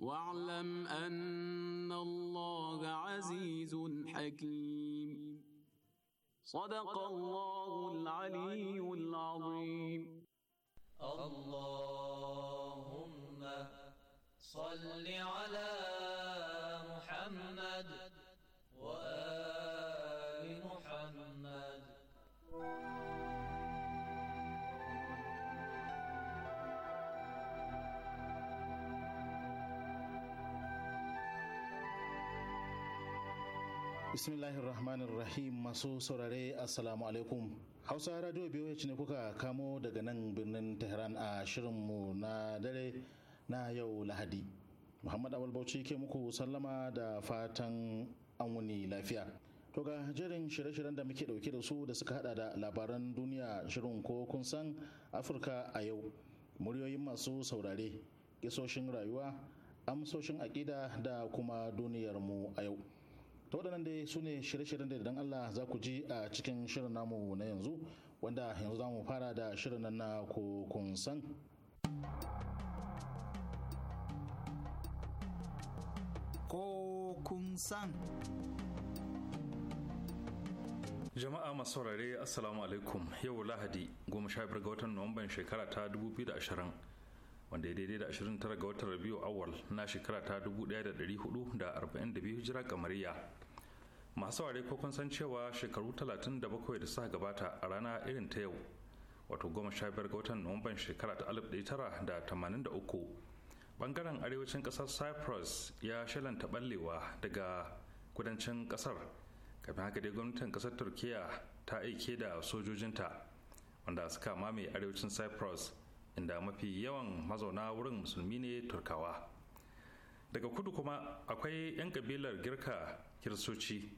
واعلم أن الله عزيز حكيم صدق الله العلي العظيم اللهم صل على محمد وآل محمد Bismillahir Rahmanir Rahim masu saurare Assalamu alaikum. Hausa Radio BOH ne kuka kamo daga nan birnin Tehran a shirinmu na dare na yau Lahadi. Muhammad Awal Bauchi ke muku sallama da fatan an wuni lafiya. To ga jerin shirye-shiryen da muke dauke da su da suka hada da labaran duniya shirin ko kun san Afirka a yau. Muryoyin masu saurare, kisoshin rayuwa, amsoshin aƙida da kuma duniyarmu a yau. ta waɗannan dai su ne shirye-shiryen da idan Allah za ku ji a cikin shirin namu na yanzu wanda yanzu za mu fara da shirin nan na kun san ko kun san jama'a masu saurare assalamu alaikum yau lahadi goma sha ga watan nuwamban shekara ta 2020 wanda ya daidai da 29 ga watan rabiu awal na shekara ta 1442 hijira kamariya masu ware ko kun san cewa shekaru 37 da suka gabata a rana irin ta yau wato 15 ga watan nuwamban shekara ta 1983 bangaren arewacin kasar cyprus ya shalanta ballewa daga kudancin kasar kafin haka dai gwamnatin kasar turkiya ta aike da sojojinta wanda suka mamaye arewacin cyprus inda mafi yawan mazauna wurin musulmi ne turkawa daga kudu kuma akwai 'yan kabilar girka kirsoci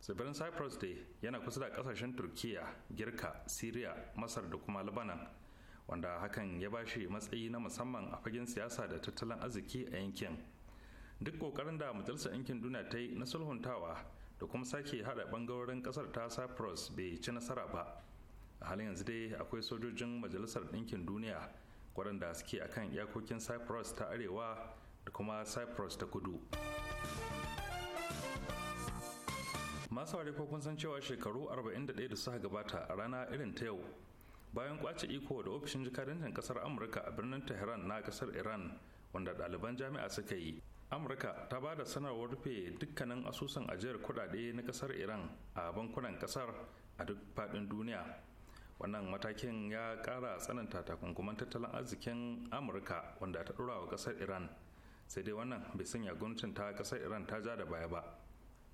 tsibirin cyprus dai yana kusa da kasashen turkiya girka syria masar da kuma lebanon wanda hakan ya ba shi matsayi na musamman a fagen siyasa da tattalin arziki a yankin duk kokarin da majalisar yankin duniya ta yi na sulhuntawa da kuma sake hada bangarorin kasar ta cyprus bai ci nasara ba a halin yanzu dai akwai sojojin majalisar ɗinkin duniya waɗanda suke akan iyakokin cyprus ta arewa da kuma cyprus ta kudu masu ware ko kun san cewa shekaru 41 da suka gabata a rana irin ta yau bayan kwace iko da ofishin jikadancin kasar amurka a birnin tehran na kasar iran wanda ɗaliban jami'a suka yi amurka ta ba da sanarwar rufe dukkanin asusun ajiyar kudade na kasar iran a bankunan kasar a duk faɗin duniya wannan matakin ya kara tsananta takunkuman tattalin arzikin amurka wanda ta ɗora wa kasar iran sai dai wannan bai sanya gwamnatin ta kasar iran ta ja da baya ba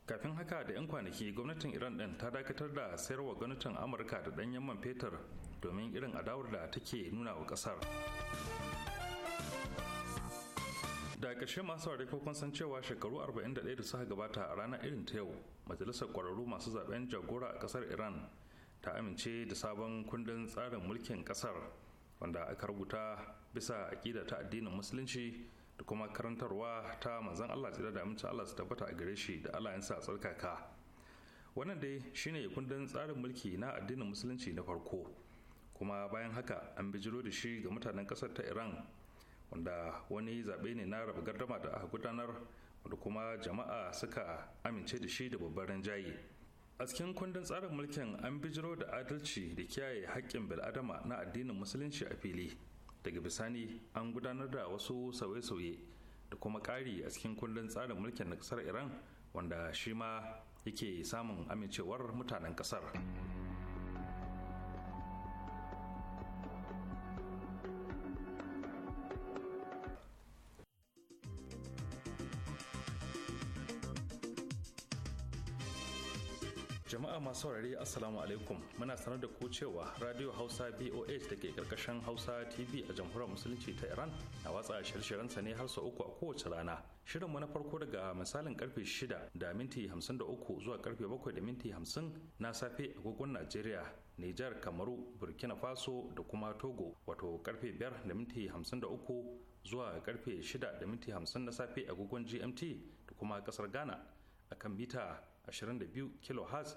kafin haka da 'yan kwanaki gwamnatin iran din ta dakatar da sayarwa gwamnatin amurka da danyen man fetur domin irin adawar da take nuna wa kasar. da ƙarshe masu ware kun san cewa shekaru 41 da suka gabata a ranar irin ta yau majalisar kwararru masu zaben jagora a kasar iran ta amince da sabon kundin tsarin mulkin kasar wanda aka rubuta bisa aƙida ta addinin musulunci da kuma karantarwa ta manzon Allah tsira da amince Allah su tabbata a gare shi da Allah yansa a tsarkaka wannan dai shine kundin tsarin mulki na addinin musulunci na farko kuma bayan haka an bijiro da shi ga mutanen kasar ta Iran wanda wani zaɓe ne na raba gardama da aka gudanar da kuma jama'a suka amince da shi da babban rinjaye a cikin kundin tsarin mulkin an bijiro da adalci da kiyaye haƙƙin bil'adama na addinin musulunci a fili daga bisani an gudanar da wasu sauye-sauye da kuma ƙari a cikin kundin tsarin mulkin na ƙasar iran wanda shi ma yake samun amincewar mutanen ƙasar. masu saurare assalamu alaikum muna sanar da ku cewa radio hausa boh da ke karkashin hausa tv a jamhuriyar musulunci ta iran na watsa shirye shiryen sa ne har sau uku a kowace rana shirin mu na farko daga misalin karfe 6 da minti 53 zuwa karfe 7 da minti 50 na safe agogon najeriya nijar kamaru burkina faso da kuma togo wato karfe 5 da minti 53 zuwa karfe 6 da minti 50 na safe agogon gmt da kuma kasar ghana akan mita 22 kilohertz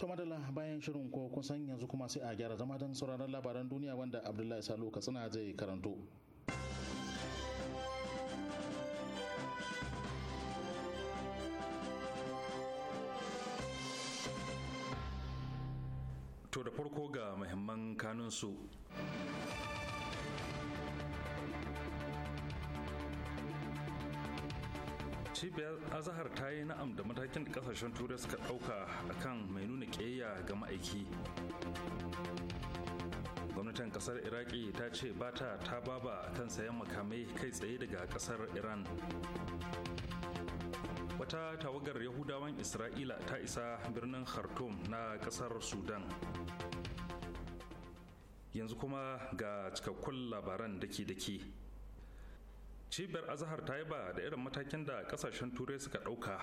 To madalla bayan shirin ko kusan yanzu kuma sai a gyara zama don sauraron labaran duniya wanda Abdullahi Salo Katsina zai karanto. To da farko ga muhimman kanunsu. cibiyar azahar ta yi na'am da matakin da kasashen turai suka ɗauka akan mai nuna ƙeya ga ma'aiki gwamnatin kasar iraki ta ce ba ta ta baba kan sayan makamai kai tsaye daga kasar iran wata tawagar yahudawan isra'ila ta isa birnin khartoum na kasar sudan yanzu kuma ga cikakkun labaran daki-daki cibiyar azahar ta yi ba da irin matakin da kasashen turai suka ɗauka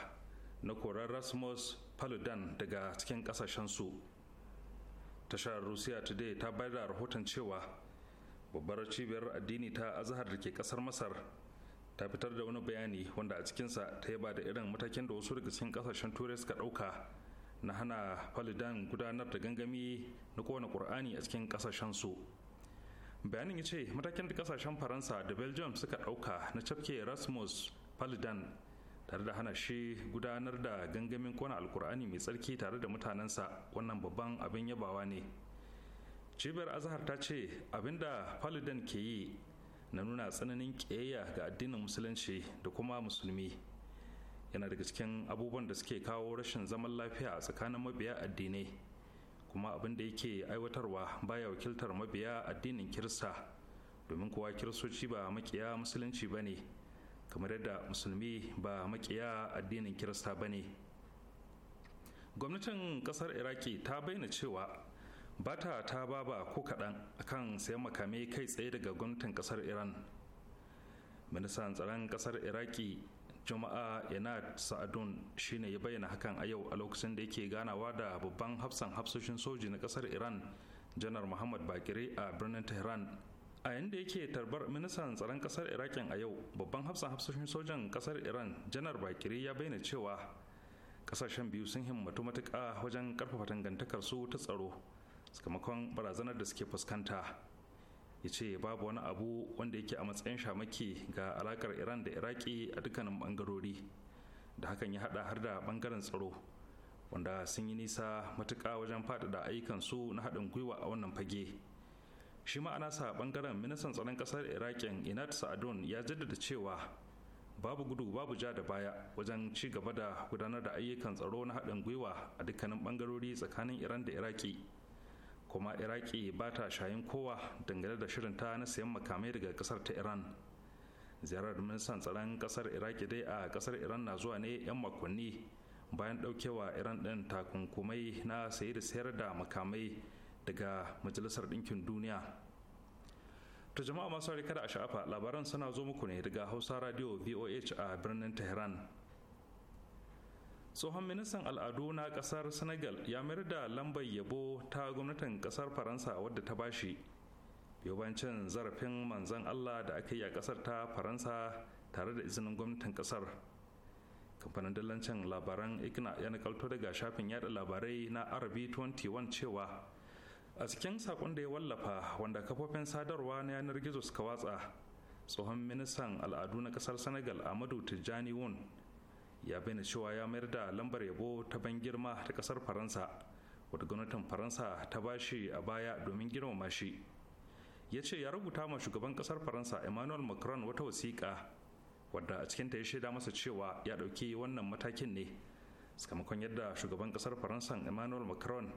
na korar rasmus paludan daga cikin su, tashar russia today ta bayar da rahoton cewa babbar cibiyar addini ta azahar da ke kasar masar ta fitar da wani bayani wanda a cikinsa ta yaba da irin matakin da wasu daga cikin kasashen turai suka ɗauka na hana Paludan gudanar da gangami na kowane ƙur'ani a cikin kasashen su bayanin ya ce matakin da kasashen faransa da belgium suka ɗauka na cafke Rasmus palidan tare da hana shi gudanar da gangamin kona alkur'ani mai tsarki tare da mutanensa wannan babban abin yabawa ne cibiyar azahar ta ce abinda palidan ke yi na nuna tsananin kiyayya ga addinin musulunci da kuma musulmi yana daga cikin abubuwan da suke kawo rashin zaman lafiya tsakanin mabiya addinai kuma abin da yake aiwatarwa baya wakiltar mabiya addinin kirista domin kuwa kiristoci ba makiya musulunci ba ne kamar yadda musulmi ba makiya addinin kirista ba ne gwamnatin kasar iraki ta bayyana cewa ba ta ta baba ko kaɗan akan sayan makamai kai tsaye daga gwamnatin kasar iran ministan tsaron kasar iraki juma'a yana sa'adun shine ya bayyana hakan a yau a lokacin da yake ganawa da babban hafsan hafsoshin soji na kasar iran janar muhammad bakire a birnin tehran a yanda yake tarbar ministan tsaron kasar irakin a yau babban hafsan hafsoshin sojan kasar iran janar bakire ya bayyana cewa kasashen biyu sun himmatu matuƙa wajen karfafa dangantakar su ta tsaro sakamakon barazanar da suke fuskanta ya ce babu wani abu wanda yake a matsayin shamaki ga alakar iran da iraki a dukkanin bangarori da hakan ya hada har da bangaren tsaro wanda sun yi nisa matuka wajen faɗaɗa ayyukansu na haɗin gwiwa a wannan fage shi ma ana sa bangaren ministan tsaron ƙasar iraƙin inat sa'adun ya jaddada cewa babu gudu babu ja da baya wajen ci gaba da gudanar da ayyukan tsaro na haɗin gwiwa a dukkanin bangarori tsakanin iran da iraki kuma iraki ba ta shayin kowa dangane da shirinta na sayan makamai daga kasar ta iran ziyarar ministan tsaron kasar iraki dai a kasar iran na zuwa ne 'yan makonni bayan daukewa iran din takunkumai na sayi da sayar da makamai daga majalisar ɗinkin duniya to jama'a masu kada a sha'afa labaran suna zo muku ne daga hausa radio voh a birnin tehran tsohon ministan al'adu na kasar senegal ya mayar da lambar yabo ta gwamnatin kasar faransa wadda ta bashi yawancin zarafin manzan allah da aka yi a kasar ta faransa tare da izinin gwamnatin kasar kamfanin dallancin labaran Ikna ya nakalto daga shafin yada labarai na rb21 cewa a cikin sakon da ya wallafa wanda kafofin sadarwa na yanar gizo suka watsa tsohon ministan al'adu na kasar senegal amadu tijjani wun ya bayyana cewa ya mayar da lambar yabo ta ban girma ta kasar faransa wata gwamnatin faransa ta bashi a baya domin girmama shi ya ce ya rubuta ma shugaban kasar faransa emmanuel macron wata wasiƙa wadda a cikinta ya shaida masa cewa ya ɗauki wannan matakin ne sakamakon yadda shugaban kasar faransa emmanuel macron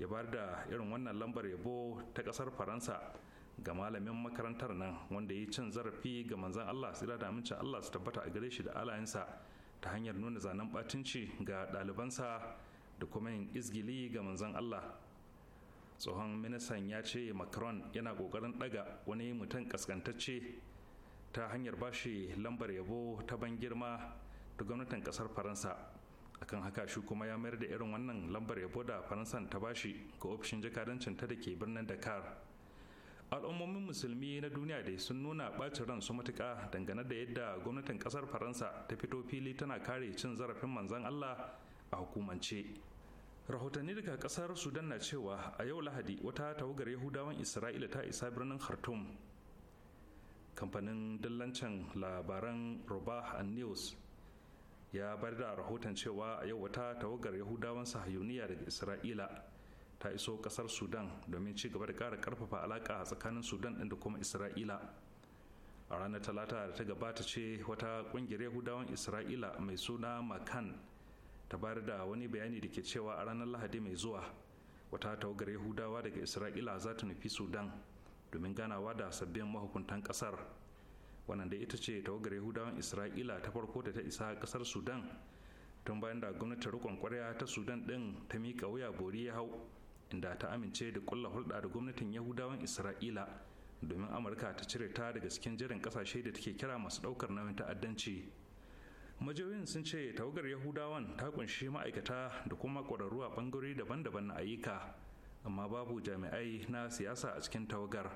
ya bayar da irin wannan lambar yabo ta kasar faransa ga malamin makarantar nan wanda ya yi cin zarafi ga manzan allah ira da amince allah su tabbata a gare shi da alayensa ta hanyar nuna zanen batunci ga ɗalibansa da kuma yin izgili ga manzon Allah tsohon ministan ya ce macron yana ƙoƙarin ɗaga wani mutum ƙasƙantacce ta hanyar bashi lambar yabo ta ban girma ta gwamnatin ƙasar faransa akan haka shi kuma ya mayar da irin wannan lambar yabo da faransan ta bashi ga ofishin jakadancin ta da ke birnin dakar al'ummomin musulmi na duniya dai sun nuna ɓacin ran su matuƙa dangane da yadda gwamnatin ƙasar faransa ta fito fili tana kare cin zarafin manzan allah a hukumance rahotanni daga ƙasar sudan na cewa a yau lahadi wata tawagar yahudawan isra'ila ta isa birnin khartoum kamfanin dillancin labaran robah and news ya bar da rahoton cewa a yau wata tawagar yahudawan sahayuniya daga isra'ila ta iso kasar sudan domin ci gaba da kara karfafa alaka tsakanin sudan din da kuma isra'ila a ranar talata da ta gabata ce wata kungiyar yahudawan isra'ila mai suna makan ta bayar da wani bayani da ke cewa a ranar lahadi mai zuwa wata tawagar yahudawa daga isra'ila za ta nufi sudan domin ganawa da sabbin mahukuntan kasar wannan da ita ce tawagar yahudawan isra'ila ta farko da ta isa kasar sudan tun bayan da gwamnatin rikon kwarya ta sudan ɗin, ta miƙa wuya bori ya hau inda ta amince da kulla hulɗa da gwamnatin yahudawan isra'ila domin amurka ta cire ta daga cikin jirin kasashe da take kira masu ɗaukar nauyin ta'addanci majiyoyin sun ce tawagar yahudawan ta kunshi ma'aikata da kuma ƙwararru a ɓangare daban-daban na ayyuka amma babu jami'ai na siyasa a cikin tawagar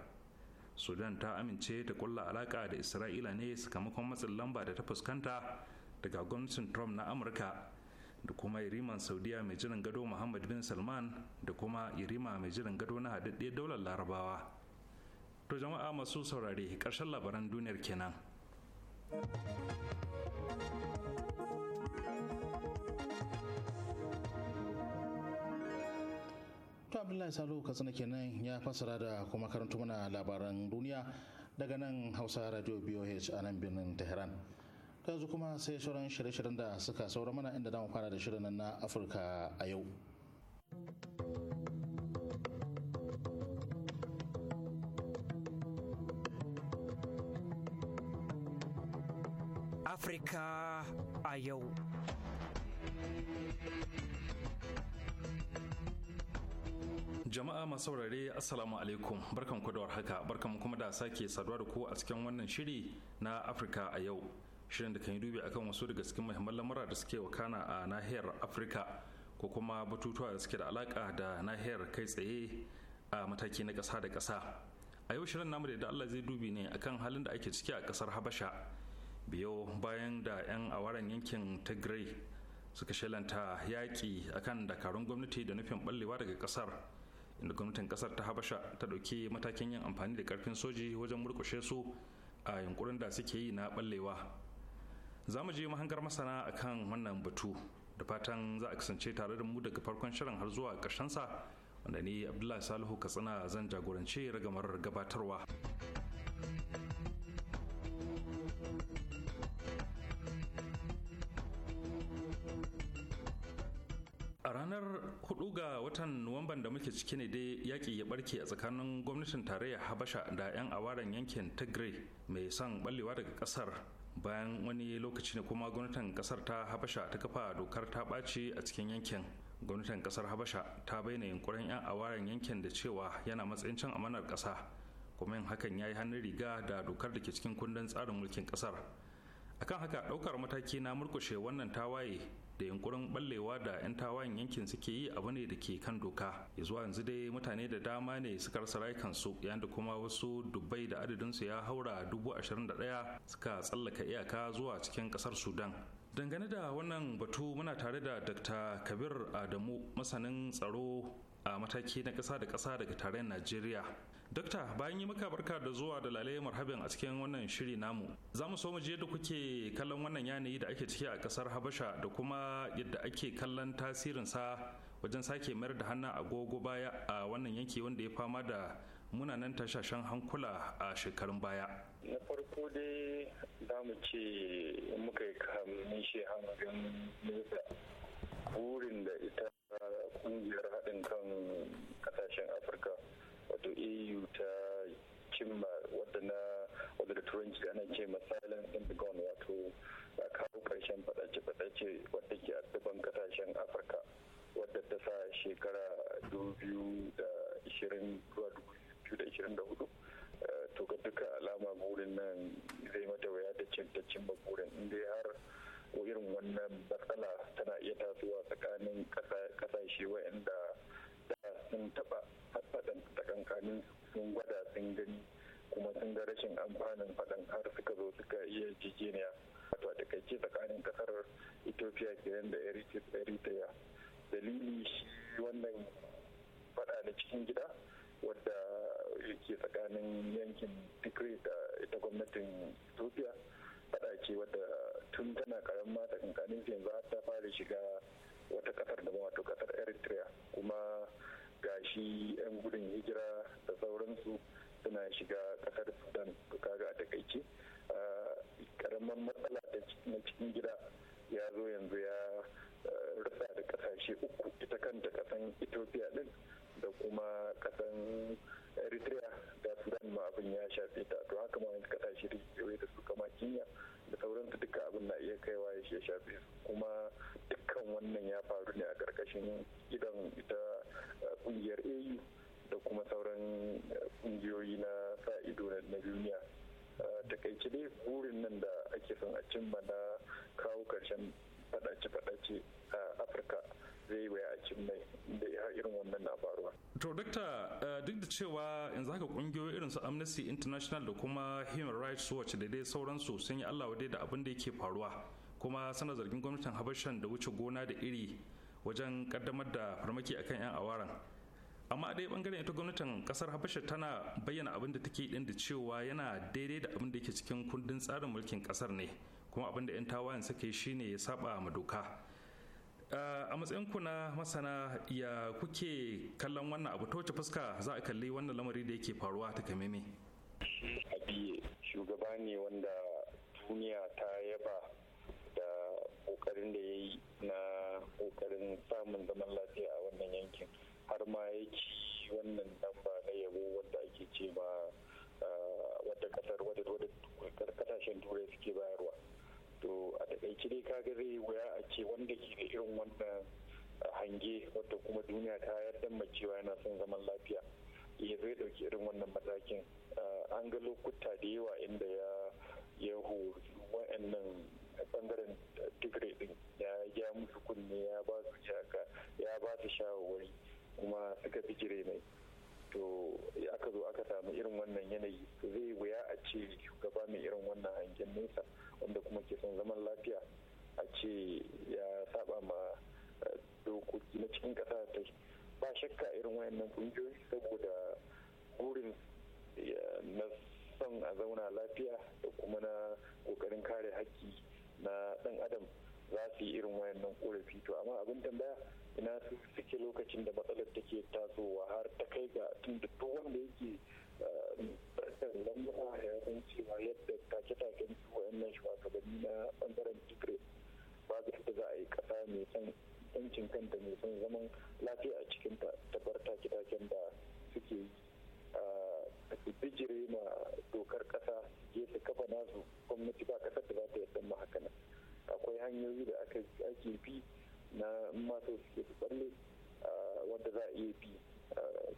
sudan ta amince ta kulla alaƙa da isra'ila ne sakamakon matsin lamba da ta fuskanta daga gwamnatin trump na amurka da kuma yariman saudiya mai jiran gado muhammad bin salman da kuma yarima mai jiran gado na haɗaɗɗiyar daular larabawa to jama'a masu saurare ƙarshen labaran duniyar kenan to abdullahi salo katsina kenan ya fassara da kuma karanta mana labaran duniya daga nan hausa radio boh a nan birnin tehran Ka yanzu kuma sai sauran shirye-shiryen da suka saura mana inda damu fara da shirin na afirka a yau Afirka a yau. Jama'a masu saurare Assalamu alaikum barkan ku da warhaka barkan kuma da sake saduwa da ku a cikin wannan shiri na Afirka a yau. shirin da kan yi dubi akan wasu daga cikin muhimman lamura da suke wakana a nahiyar afirka ko kuma batutuwa da suke da alaka da nahiyar kai tsaye a mataki na ƙasa da ƙasa a yau shirin namu da allah zai dubi ne akan halin da ake ciki a ƙasar habasha biyo bayan da 'yan awaren yankin tigray suka shelanta yaƙi akan dakarun gwamnati da nufin ɓallewa daga ƙasar inda gwamnatin ƙasar ta habasha ta ɗauki matakin yin amfani da ƙarfin soji wajen murkushe su a yunkurin da suke yi na ɓallewa za mu je mahangar masana akan wannan batu da fatan za a kasance tare da mu daga farkon shirin har zuwa ƙarshensa wanda ni abdullahi salihu katsina zan jagorance ragamar gabatarwa a ranar 4 ga watan nuwamban da muke ciki ne dai yaƙi ya barke a tsakanin gwamnatin tarayyar habasha da 'yan awaren yankin tigray mai son ballewa daga ƙasar bayan wani lokaci ne kuma gwamnatin kasar ta habasha ta kafa dokar ta ɓaci a cikin yankin gwamnatin kasar habasha ta bayyana yunkurin 'yan awaren yankin da cewa yana matsayin cin amanar ƙasa kuma yin hakan ya yi hannun riga da dokar da ke cikin kundin tsarin mulkin kasar akan haka ɗaukar mataki na murkushe wannan tawaye da yunkurin ballewa da 'yan tawayen yankin suke yi abu ne da ke kan doka ya zuwa yanzu dai mutane da dama ne suka rasa rayukansu yayin da kuma wasu dubbai da adadin su ya haura dubu ashirin da ɗaya suka tsallaka iyaka zuwa cikin ƙasar sudan dangane da wannan batu muna tare da dr kabir adamu masanin tsaro a mataki na ƙasa da ƙasa daga tarayyar najeriya dokta bayan yi maka barka da zuwa da lalai marhaban a cikin wannan shiri namu za mu so mu je da kuke kallon wannan yanayi da ake ciki a kasar habasha da kuma yadda ake kallon tasirin sa wajen sake mayar da hannun agogo baya a wannan yanki wanda ya fama da munanan tashashen hankula a shekarun baya. Na farko dai za mu ce muka yi kamun shi hannun burin da ita kungiyar haɗin kan ƙasashen Afirka wato au ta cimma wadda na wadda da turanci ana ce silence in the gone wato a kawo karshen fadace-fadace wadda ke addaban kasashen afirka wadda ta sa shekara 2020 2024 eh, to ga duka alama burin nan zai mata waya ta cin ta cimma burin inda har irin wannan matsala tana iya tasowa tsakanin cin amfanin faɗan har suka zo suka iya jijiniya wato a takaice tsakanin kasar ethiopia kenan da eritrea dalili shi wannan faɗa na cikin gida wadda ke tsakanin yankin tigray da ita gwamnatin amnesty international da kuma human rights watch da dai sauransu sun yi allah da abin da yake faruwa kuma sana zargin gwamnatin habashan da wuce gona da iri wajen kaddamar da farmaki akan 'yan awaran amma a ɗaya bangaren ita gwamnatin kasar habasha tana bayyana abin da take din da cewa yana daidai da abin da yake cikin kundin tsarin mulkin kasar ne kuma abin da 'yan tawayen suka yi shine ya saba ma doka Eh, a matsayin ku na masana ya kuke kallon wannan abu ta wace fuska za a kalli wannan lamari da yake faruwa ta kame ne shugaba ne wanda duniya ta yaba da kokarin da ya yi na kokarin samun zaman lafiya a wannan yankin har ma ya ci wannan damba na yabo wanda ake ce ma eh, wadda kasar wadda kasashen turai suke bayarwa to a takaice dai ka zai wuya a ce wanda ke da irin wannan hange wadda kuma duniya ta yarda cewa yana son zaman lafiya ya zai dauki irin wannan matakin an ga lokuta da yawa inda ya ya horu wa'annan bangaren tigre din ya ya musu kunne ya ba su ya ba su shawarwari kuma suka bijire mai to aka zo aka samu irin wannan yanayi zai wuya a ce shugaba mai irin wannan hangen nesa wanda kuma ke son zaman lafiya a ce ya saba ma eh, dokoki na cikin kasa ta ba shakka irin wayannan kungiyoyi saboda burin na son a zauna lafiya da kuma na kokarin kare haƙƙi na ɗan adam za su yi irin wayannan korafi to amma abin tambaya ina su suke lokacin da matsalar take tasowa har ta kai ga tun duk wanda yake ɗaukar eh, lamba ya san cewa yadda take take su wayannan shugabanni na ɓangaren tigre ba zai za a yi ƙasa mai son yancin kanta mai son zaman lafiya a cikin ta bar take take da suke yi eh, su bijire ma dokar ƙasa je su kafa nasu gwamnati ba ƙasar da za ta yadda ma haka nan akwai hanyoyi da aka ake bi na mata suke tsalle wanda za a iya bi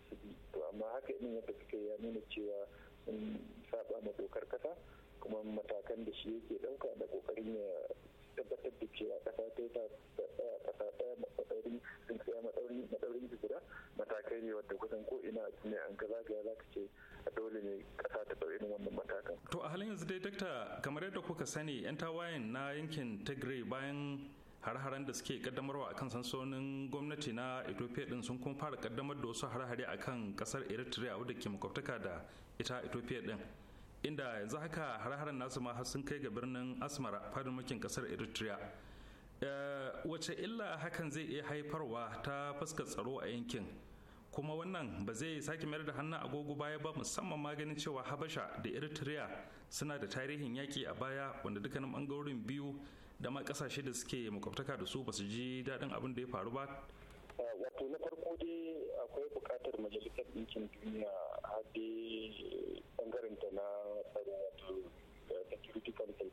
su bi to amma haka ina yadda suka ya nuna cewa sun saba ma dokar kasa kuma matakan da shi yake ɗauka da kokarin ya tabbatar da cewa kasa ta ta tsaya kasa ta kai ne wadda kusan ko ina a an ga zagaya za ka ce a dole ne kasa ta ɗau irin wannan matakan. to a halin yanzu dai dakta kamar yadda kuka sani yan tawayen na yankin tigray bayan har-haren da suke kaddamarwa akan sansonin gwamnati na ethiopia din sun kuma fara kaddamar da wasu har-hare kan kasar eritrea wadda ke makwabtaka da ita ethiopia din inda yanzu haka har-haren nasu ma sun kai ga birnin asmara fadin kasar eritrea eh, wace illa hakan zai iya haifarwa ta fuskar tsaro a yankin kuma wannan ba zai sake mayar da hannun agogo baya ba musamman maganin cewa habasha da eritrea suna da tarihin yaƙi a baya wanda dukkanin ɓangarorin biyu da ma ƙasashe da suke makwabtaka da su ba su ji daɗin abin da ya faru ba eh, wato na farko dai akwai buƙatar majalisar ɗinkin duniya haɗe ɓangaren ta na tsaro wato security council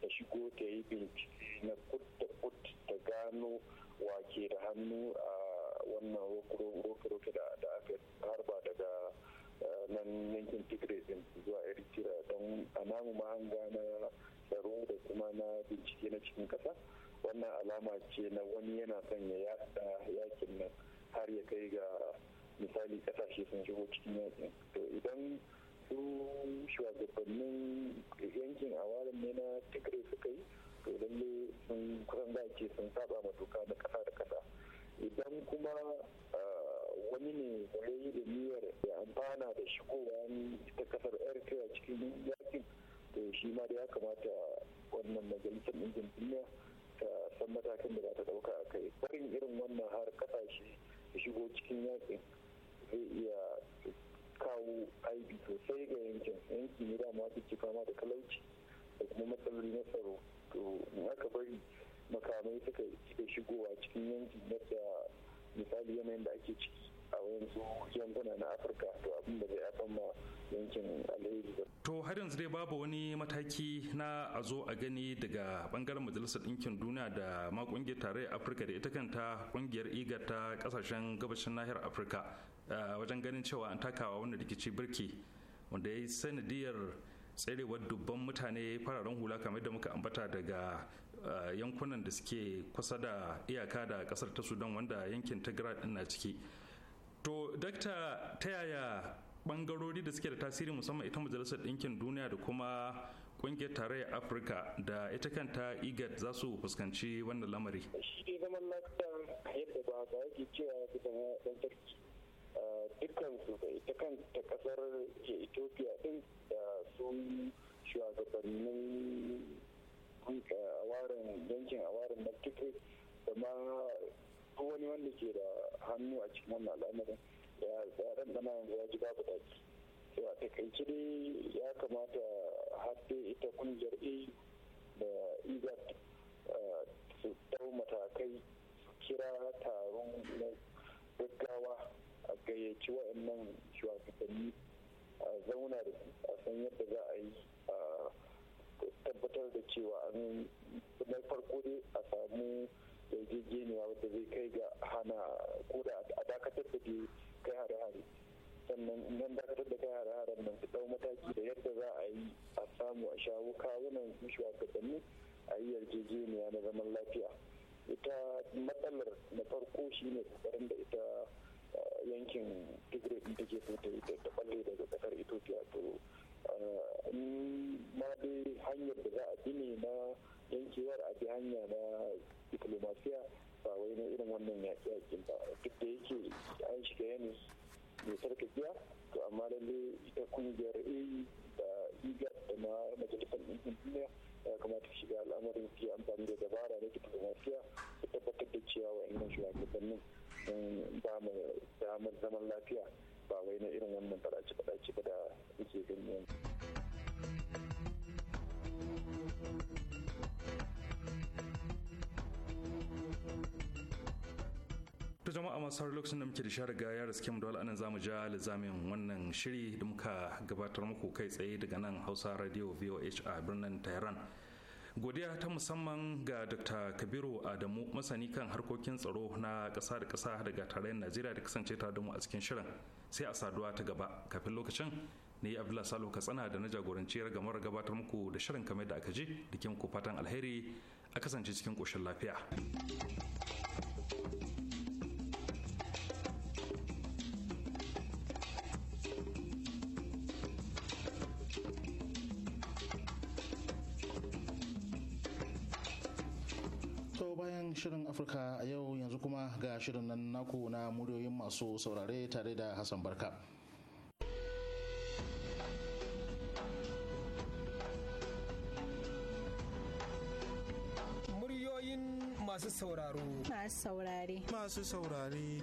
ta shigo ta yi bincike na kut da kut ta gano wake da hannu a wannan roke-roke da aka harba daga eh, nan yankin tigray din zuwa eritrea don a namu mahanga na tsaro da kuma na bincike na cikin kasa wannan alama ce na wani yana son ya yada yakin nan har ya kai ga misali kasashe sun shigo cikin yakin to idan su shugabannin yankin awarin ne na tigray suka yi to lalle sun kusan za ce sun saba ma doka na kasa da kasa idan kuma ah, wani ne ya yi da niyyar ya amfana da shigowa ta kasar eritrea cikin yakin to shi ma da ya kamata wannan majalisar ɗinkin duniya ta san matakin da za ta ɗauka a kai barin irin wannan har kasashe da shigo cikin yakin zai iya kawo aibi sosai ga yankin yankin ya dama su fama da talauci da kuma matsaloli na tsaro to in aka bari makamai suka shigowa cikin yankin da misali yanayin da ake ciki a wayansu yankuna na afirka to abin da zai afan ma yankin alheri to har yanzu dai babu wani mataki na a zo a gani daga bangaren majalisar ɗinkin duniya da ma kungiyar tarayyar afirka da ita kanta kungiyar igar ta kasashen gabashin nahiyar afirka eh, wajen ganin cewa an takawa wanda rikici birki wanda ya yi sanadiyar tserewar dubban mutane fararen hula kamar da muka ambata daga yankunan da suke kusa da iyaka da kasar ta sudan wanda yankin tigray din na ciki to dakta ta yaya bangarori da suke da tasiri musamman ita majalisar ɗinkin duniya da kuma kungiyar tarayyar afirka da ita kanta igat za su fuskanci wannan lamari shi zaman yadda da dukkan su da ita kasar ethiopia din da sun shugabannin yankin awarin mexico da ma wani wanda ke da hannu a cikin wannan al'amarin da tsaron dana yanzu ya ji babu daki to a takaice dai ya kamata haɗe ita kungiyar a da igat eh, su dau matakai su kira taron gaggawa a gayyaci wa'annan shugabanni a zauna da a san yadda za a yi a tabbatar da cewa an na farko dai a samu yarjejeniya wadda zai kai ga hana ko da a dakatar da kai hare-hare sannan nan dakatar da kai hare hare nan su dau mataki da yadda za a yi a samu a shawo kawunan su shugabanni a yi yarjejeniya na zaman lafiya ita matsalar na farko shine kokarin da ita eh, yankin tigray ta ke so ta balle daga kasar ethiopia to ma eh, dai hanyar da za a bi ne na yankewar a bi hanya na diplomasiya ba wai na irin wannan yaƙi-yaƙin ba duk da yake an shiga yanayi mai sarkakiya to amma lalle ita kungiyar au da igat e da na majalisar ɗinkin duniya ya kamata shiga al'amarin su amfani da dabara na diplomasiya ta tabbatar da cewa wa'annan shugabannin ba mu damar zaman lafiya ba wai na irin wannan faɗace-faɗace ba da yake gani yanzu. to jama'a masu har lokacin da muke da share ga yara suke dole anan zamu ja lizamin wannan shiri da muka gabatar muku kai tsaye daga nan hausa radio voh a birnin tehran godiya ta musamman ga dr kabiru adamu masani kan harkokin tsaro na ƙasa da ƙasa daga tarayyar najeriya da kasance ta da a cikin shirin sai a saduwa ta gaba kafin lokacin ne abdullah salo katsina da na jagoranci gamar gabatar muku da shirin kamar da aka je da ke fatan alheri a kasance cikin koshin lafiya Afirka a yau yanzu kuma ga shirin nan naku na muryoyin masu saurare tare da Hassan Barka. Muryoyin masu sauraro. Masu saurare. Masu saurare.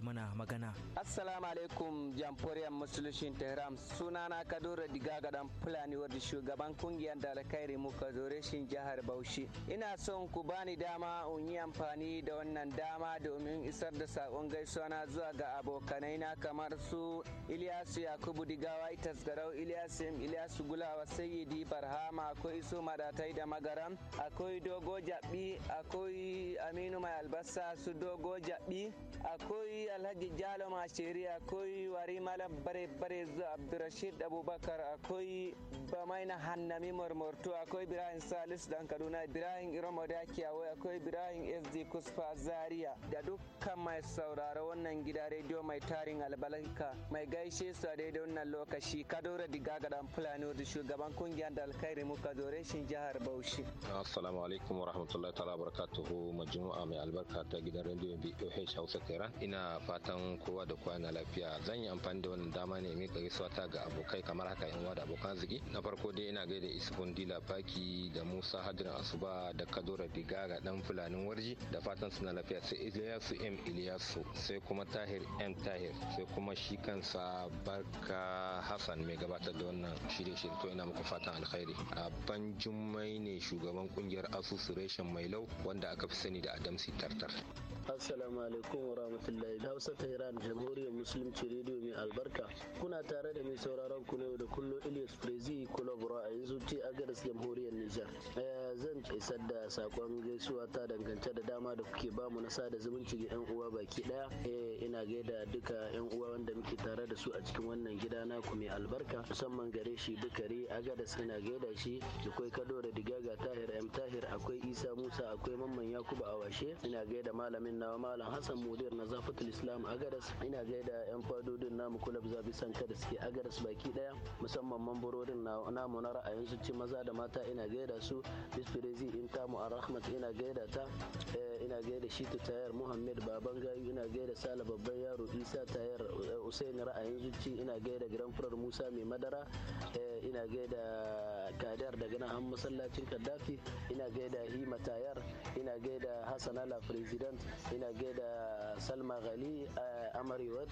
yi mana magana. Assalamu alaikum jamforiyar musulushin Tehran sunana kadora Diga dan Fulani wadda shugaban kungiyar dalakai Remuka Zoreshin jihar Bauchi. Ina son ku bani dama in yi amfani da wannan dama domin isar da sakon gaisuwa na zuwa ga abokanai na kamar su Ilyasu Yakubu Digawa Itas Garau Ilyasu M Ilyasu Gulawa Sayyidi Barhama akwai Iso Madatai da Magaram akwai Dogo Jabi akwai Aminu Mai Albasa su Dogo Jabi akwai alhaji jalo shiri akwai wari malam bare bare zuwa abdurashid abubakar akwai bamaina hannami murmurtu akwai ibrahim salis dan kaduna ibrahim iromo awai akwai ibrahim sd kusfa zaria da dukkan mai sauraro wannan gida rediyo mai tarin albalanka mai gaishe su a daidai wannan lokaci kadora diga gadan fulani da shugaban kungiyar da alkhairi muka zore shin jihar bauchi assalamu alaikum wa rahmatullahi ta'ala barakatuhu majmu'a mai albarka ta gidan rediyo boh hausa kera ina fatan kowa da kowa na lafiya zan yi amfani da wannan dama ne mika gaisuwa ta ga abokai kamar haka yan da abokan arziki na farko dai ina gaida isufun dila faki da musa hadirin asuba da kadora diga ga dan fulanin warji da fatan su na lafiya sai iliyasu m iliyasu sai kuma tahir m tahir sai kuma shi kansa barka hassan mai gabatar da wannan shirye shirye to ina muku fatan alkhairi a ban jummai ne shugaban kungiyar asusu reshen mai lau wanda aka fi sani da adamsi tartar assalamu alaikum wa rahmatullahi hausa ta iran jamhuriyar musulunci rediyo mai albarka kuna tare da mai sauraron ku yau da kullum ilyas prezi kulabura a yanzu ce agaris jamhuriyar nijar eh, zan isar da sakon gaisuwa ta dangance da dama da kuke bamu na sada zumunci ga yan uwa baki daya eh, ina gaida duka yan uwa wanda muke tare da su a cikin wannan gida na ku mai albarka musamman gare shi bukari agaris ina gaida shi kwai kado da digaga tahir m tahir akwai isa musa akwai mamman yakubu awashe ina gaida malamin nawa malam hassan mudir na zafatul Islam garas ina gaida yan fadodin namu kulab zabi sanka da suke garas baki daya musamman mamburorin namu na ra'ayin ci maza da mata ina gaida su Bisfirezi in tamu rahmat ina gaida ta eh, ina gaida shi ta tayar Muhammad Baban Gayu ina gaida Sala babban yaro Isa tayar eh, Usain ra'ayin zuci ina gaida Grand Furar Musa mai madara eh, ina gaida Kadar daga nan masallacin Kaddafi ina gaida Hima tayar ina gaida Hassan Ala President ina gaida Salma Ghali Ni amarewa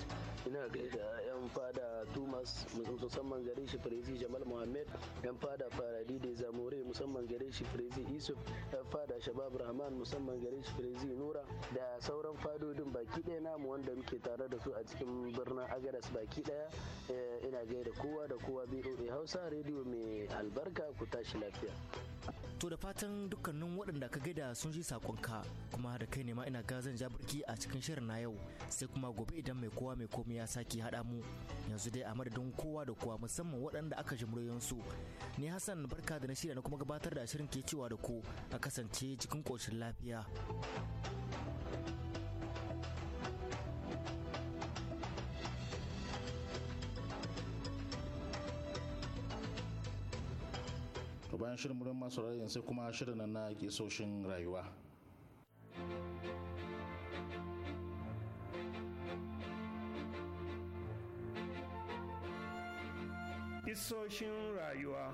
ina gaida yan fada tumas musamman gare shi firizi jamal muhammed yan fada faradi da zamore musamman gare shi firizi isuf yan fada shabab rahman musamman gare shi firizi nura da sauran fadodin baki ɗaya namu wanda muke tare da su a cikin birnin agadas baki ɗaya eh, ina gaida kowa da kowa biyu hausa rediyo mai albarka ku tashi lafiya. To da fatan dukkanin waɗanda ka gaida sun ji sakonka kuma da kai ne ma ina gazan birki a cikin shirin na yau sai kuma gobe idan mai kowa mai komai ya sake haɗa mu yanzu dai a madadin kowa da kowa musamman waɗanda aka ji su Ni Hassan barka da na shirya na kuma gabatar da shirin ke cewa da ku a kasance cikin koshin lafiya. bayan shirin murin masu rayu sai kuma shirin nan na kisoshin rayuwa Isoshin rayuwa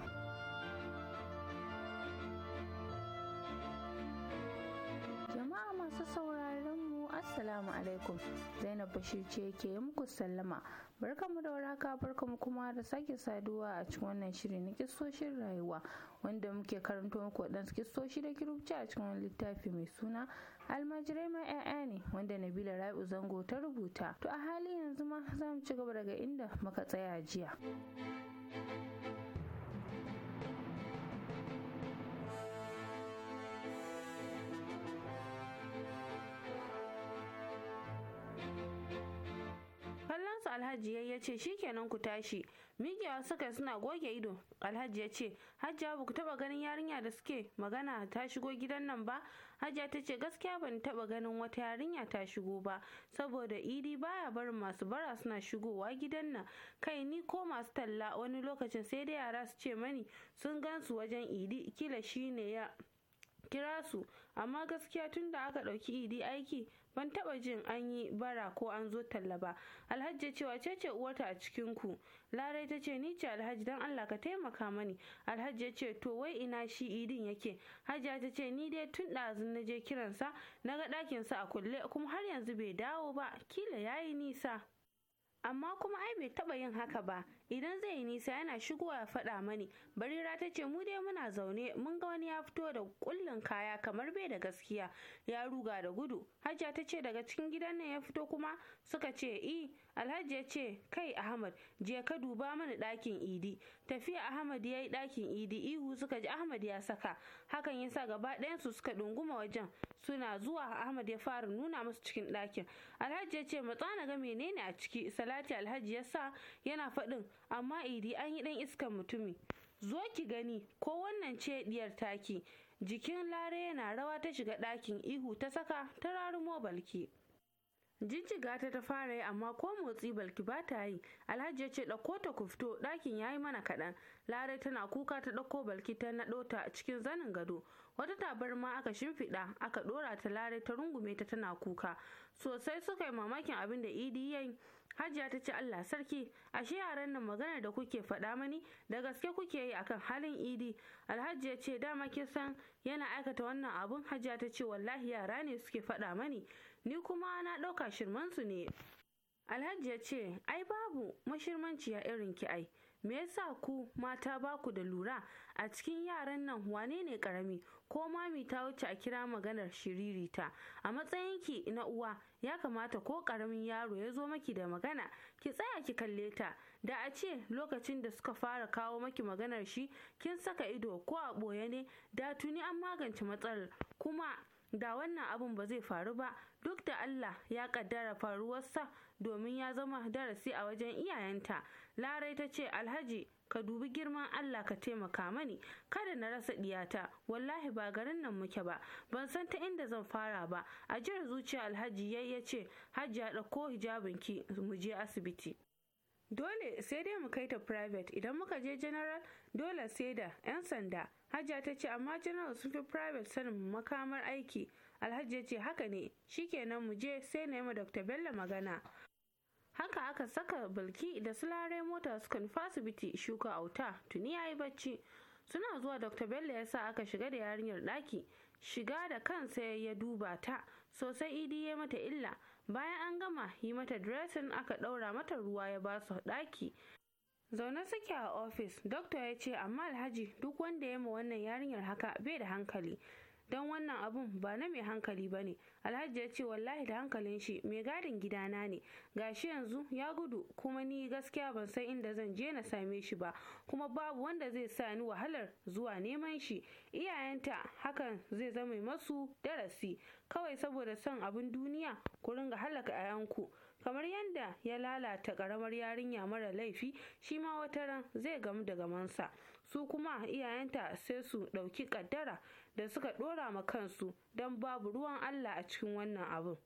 Jama'a masu sauraron mu Assalamu alaikum Zainab Bashir ce ke muku sallama Barkanmu da waraka barkanmu kuma da sake saduwa a cikin wannan shiri na kistoshin rayuwa wanda muke karanto muku waɗansu kistoshi da kirubuce a cikin wani littafi mai suna almajirai ma 'ya'ya ne wanda nabila rabi zango ta rubuta to a halin yanzu ma za mu ci gaba daga inda muka tsaya jiya. masu alhaji ya ya ce shikenan ku tashi miƙewa suka suna goge ido alhaji yace ce ba ku taba ganin yarinya da suke magana ta shigo gidan nan ba hajja ta ce gaskiya ban taba ganin wata yarinya ta shigo ba saboda idi baya barin masu bara suna shigowa gidan nan kai ni ko masu talla wani lokacin sai dai yara su ce mani sun gansu wajen idi kila shine ya kira su amma gaskiya tunda aka ɗauki idi aiki ban taba jin an yi bara ko an zo talla ba alhaji ya ce wa ce uwarta a cikin ku larai ta ce ni ce alhaji dan allah ka taimaka mani alhaji ya ce to wai ina shi idin yake hajiya ta ce ni dai tun ɗazun na je kiransa na ga sa a kulle kuma har yanzu bai dawo ba kila yayi nisa amma kuma ai bai taɓa yin haka ba idan zai yi nisa yana shigowa ya faɗa mani barira ta ce mu dai muna zaune mun ga wani ya fito da ƙullin kaya kamar bai da gaskiya ya ruga da gudu hajja ta ce daga cikin gidan nan ya fito kuma suka ce i e. alhaji ya ce kai ahmad je ka duba mana ɗakin idi tafiya ahmad ya yi ɗakin idi ihu suka ji ahmad ya saka hakan ya sa gaba ɗayansu suka ɗunguma wajen suna zuwa ahmad ya fara nuna musu cikin ɗakin alhaji ya ce mu na ga menene a ciki salati alhaji ya sa yana faɗin amma idi an yi ɗan iskan mutumi zo ki gani ko wannan ce diyar taki jikin lare yana rawa ta shiga ɗakin ihu ta saka ta rarumo balki jijjiga ta ta fara yi amma ko motsi balki ba ta yi alhaji ya ce ɗauko ta kufto ɗakin ya yi mana kaɗan lare tana kuka ta ɗauko balki ta naɗo ta cikin zanin gado wata tabarma aka shimfiɗa aka ɗora ta lare ta rungume ta tana kuka sosai suka yi mamakin abin da idi yayi hajiya ta ce allah sarki ashe yaran nan maganar da kuke faɗa mani da gaske kuke yi akan halin idi alhaji ya ce dama kisan yana aikata wannan abun hajiya ta ce wallahi yara ne suke faɗa mani ni kuma na ɗauka shirmansu ne alhaji ya ce ai babu mashirmanci ya irin ki ai me yasa ku mata baku da lura a cikin yaran nan wane ne karami ko mami ta wuce a kira maganar shiririta a matsayinki na uwa ya kamata ko karamin yaro ya zo maki da magana ki tsaya ki kalle ta da a ce lokacin da suka fara kawo maki maganar shi kin saka ido ko a ɓoye ne da tuni an magance matsalar kuma da wannan abun ba zai faru ba duk da Allah ya kaddara faruwarsa domin ya zama darasi a wajen iyayenta larai ta ce alhaji ka dubi girman Allah ka taimaka mani kada na rasa diyata wallahi ba garin nan muke ba ban san ta inda zan fara ba a jira zuciya alhaji yayi ya ce hajji dauko ɗauko ki mu je asibiti dole sai dai mu kai ta private idan muka je general dole sai da 'yan sanda hajja ta ce amma general sun fi private sanin makamar aiki alhaji ya ce haka ne shikenan mu je sai na yi ma dr bello magana haka aka saka bilki da sulare mota suka fasu asibiti shuka auta tuni ya yi bacci suna zuwa dr bello ya sa aka shiga da yarinyar daki shiga da kan sai ya duba ta sosai idi ya mata illa bayan an gama yi mata dressing aka daura mata ruwa ya ba su ɗaki zaune suke a ofis dokta ya ce amma alhaji duk wanda ya yi ma wannan yarinyar haka bai da hankali don wannan abun ba na mai hankali ba ne alhaji ya ce wallahi da hankalin shi mai gadin gidana ne gashi yanzu ya gudu kuma ni gaskiya ban san inda zan je na same shi ba kuma babu wanda zai sa ni wahalar zuwa neman shi iyayenta hakan zai zama masu darasi kawai saboda son abin duniya ku ringa halaka 'ya'yanku kamar yadda ya lalata karamar yarinya mara laifi shi ma wata ran zai gamu da gamansa su kuma iyayenta sai su ɗauki kaddara. da suka ɗora ma kansu don babu ruwan Allah a cikin wannan abin.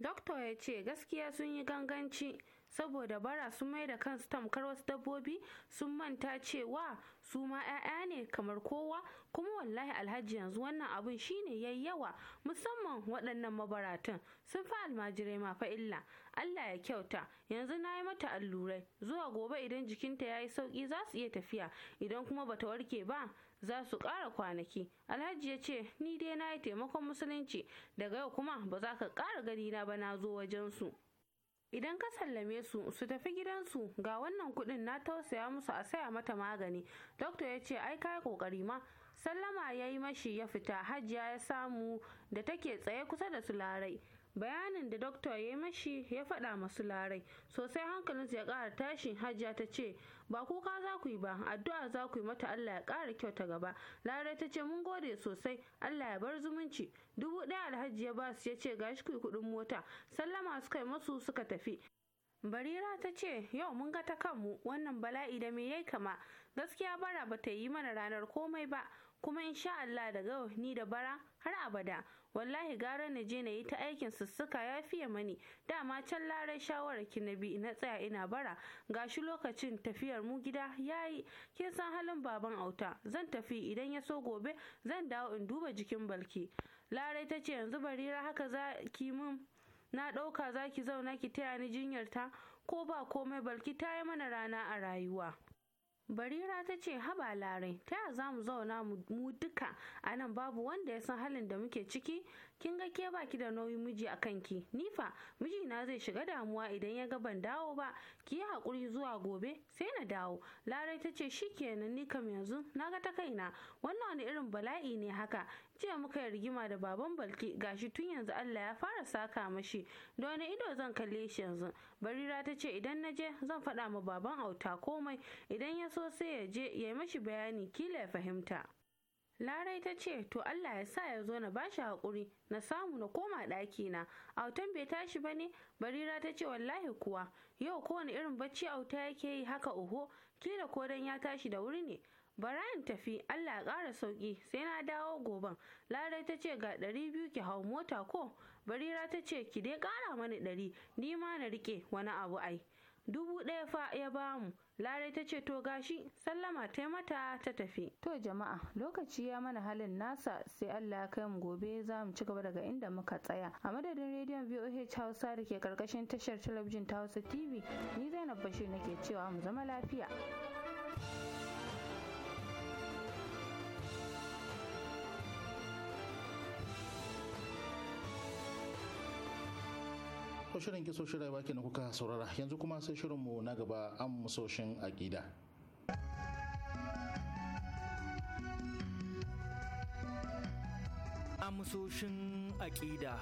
Doktor ya ce gaskiya sun yi ganganci saboda bara sun mai da kansu tamkar wasu dabbobi sun manta cewa su ma 'ya'ya ne kamar kowa kuma wallahi alhaji yanzu wannan abun shine yayi yawa musamman waɗannan mabaratan sun fi almajirai ma fa illa Allah ya kyauta yanzu na yi mata allurai zuwa gobe idan jikinta ya yi sauƙi za su iya tafiya idan kuma bata warke ba za su ƙara kwanaki alhaji ya ce ni dai na yi taimakon musulunci daga yau kuma ba za ka ƙara gani na ba na zo wajen su idan ka sallame su su tafi gidansu ga wannan kuɗin na tausaya musu a saya mata magani dokta ya ce ai kai ƙoƙari ma sallama ya yi mashi ya fita hajiya ya samu da take tsaye kusa da su larai bayanin da doktor ya mashi ya faɗa masu larai sosai hankalinsu ya ƙara tashin hajiya ta ce ba kuka za ku yi ba addu'a za ku yi mata allah ya ƙara kyau ta gaba larai ta ce mun gode sosai allah ya bar zumunci dubu ɗaya alhaji ya basu ya ce gashi ku yi kuɗin mota sallama suka yi masu suka tafi barira ta ce yau mun ga ta kanmu wannan bala'i da me yayi kama gaskiya bara ta yi mana ranar komai ba kuma insha Allah daga ni da bara har abada wallahi gara na je na yi ta aikin sussuka ya fiye mani dama can larai shawarar ki na bi na tsaya ina bara gashi lokacin tafiyar mu gida yayi kin san halin baban auta zan tafi idan ya so gobe zan dawo in duba jikin balki larai ta ce yanzu barira haka za ki mun na ɗauka za ki zauna ki taya ni jinyar ta ko ba komai balki ta yi mana rana a rayuwa barira ta ce haba larai ta ya za mu zauna mu duka a nan babu wanda ya san halin da muke ciki kin ga ke baki da nauyin miji a kanki nifa miji na zai shiga damuwa idan ya ga ban dawo ba ki yi hakuri zuwa gobe sai na dawo larai ta ce shikenan ni kam yanzu na ga ta kaina wannan wani irin bala'i ne haka jiya muka yi rigima da baban balki gashi tun yanzu allah ya fara saka mashi da wani ido zan kalle shi yanzu barira ta ce idan na je zan faɗa ma baban auta komai idan ya so sai ya je ya mashi bayani kila ya fahimta Larai ta ce, To Allah ya sa ya zo na bashi haƙuri, na samu na koma ɗaki na Autan bai tashi ba ne, Barira ta ce wallahi kuwa, yau kowane irin bacci auta yake yi haka oho, kila ko dan ya tashi da wuri ne. bara tafi allah ya ƙara sauki sai na dawo goben larai ta ce ga ɗari biyu ki hau mota ko barira ta ce ki dai ƙara mani ɗari ni ma na riƙe wani abu ai dubu ɗaya fa ya bamu larai ta ce to gashi sallama ta mata ta tafi to jama'a lokaci ya mana halin nasa sai allah ya kai mu gobe za mu ci gaba daga inda muka tsaya a madadin rediyon voh hausa da ke karkashin tashar talabijin ta hausa tv ni zainab bashir nake cewa mu zama lafiya to shirin kiso shirai baki na kuka saurara yanzu kuma sai mu na gaba an musoshin aƙida. Amsoshin aƙida.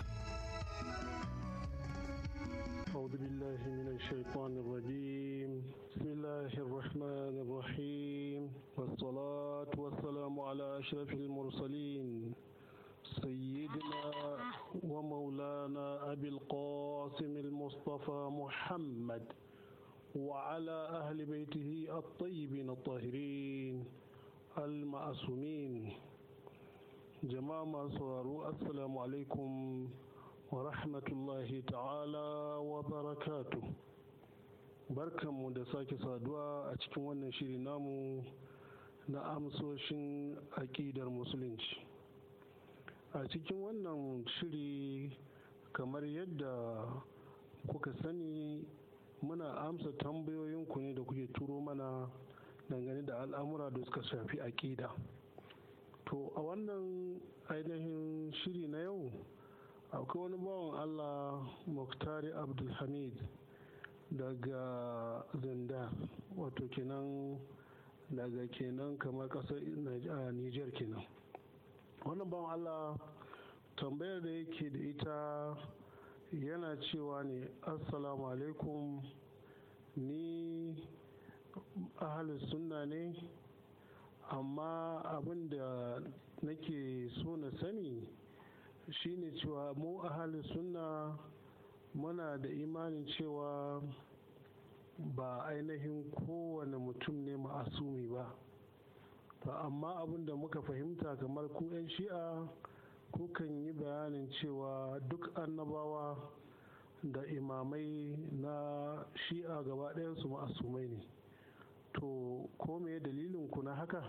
أعوذ بالله من الشيطان الرجيم بسم الله الرحمن الرحيم والصلاة سيدنا ومولانا أبي القاسم المصطفى محمد وعلى أهل بيته الطيبين الطاهرين المعصومين جماعة صاروا السلام عليكم ورحمة الله تعالى وبركاته barkanmu da sake saduwa a cikin wannan shiri namu na amsoshin aƙidar musulunci a cikin wannan shiri kamar yadda kuka sani muna amsa tambayoyinku ne da kuke turo mana dangane da al'amura da suka shafi aƙida to a wannan ainihin shiri na yau akwai wani bawan allah muktari abdulhamid daga zindar wato kenan daga kenan kamar ƙasar niger kenan wannan bawan allah tambayar da yake da ita yana cewa ne assalamu alaikum ni ahalin sunna ne amma abin da nake so na sani shine cewa mu ahalin sunna muna da imanin cewa ba ainihin kowane mutum ne ma'asumi ba amma abin da muka fahimta kamar ku 'yan shi'a kukan yi bayanin cewa duk annabawa da imamai na shi'a gaba su ma'asumai ne to ko me dalilin ku na haka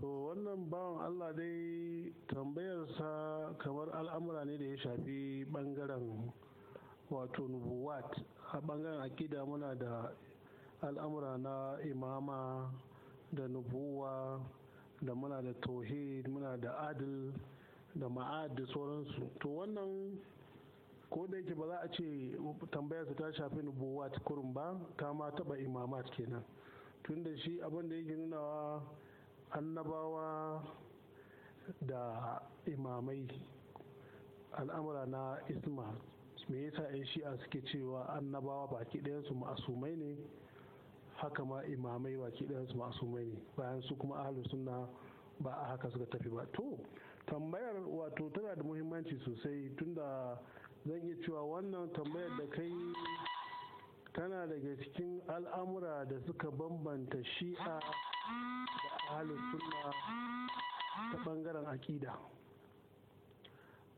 to wannan bawan allah dai tambayarsa kamar al'amura ne da ya shafi bangaren wato nubuwat a bangaren akida muna da al'amura na imama da nubuwa da muna da tauhid muna da adil da ma'ad da sauransu to wannan ko da yake ba za a ce tambayarsu ta shafi nubuwa ta kurum ba ta ma taɓa imamat kenan tunda shi abin da yake nunawa annabawa da imamai al'amura na isma me yasa 'yan shi'a suke cewa annabawa baki ɗayansu ma'asumai ne haka ma imamai baki su masu ne bayan su kuma ahlus sunna ba a haka suka tafi ba to tambayar wato tana da muhimmanci sosai tunda zan iya cewa wannan tambayar da kai tana daga cikin al'amura da suka bambanta shi'a da ahlus suna ta bangaren aƙida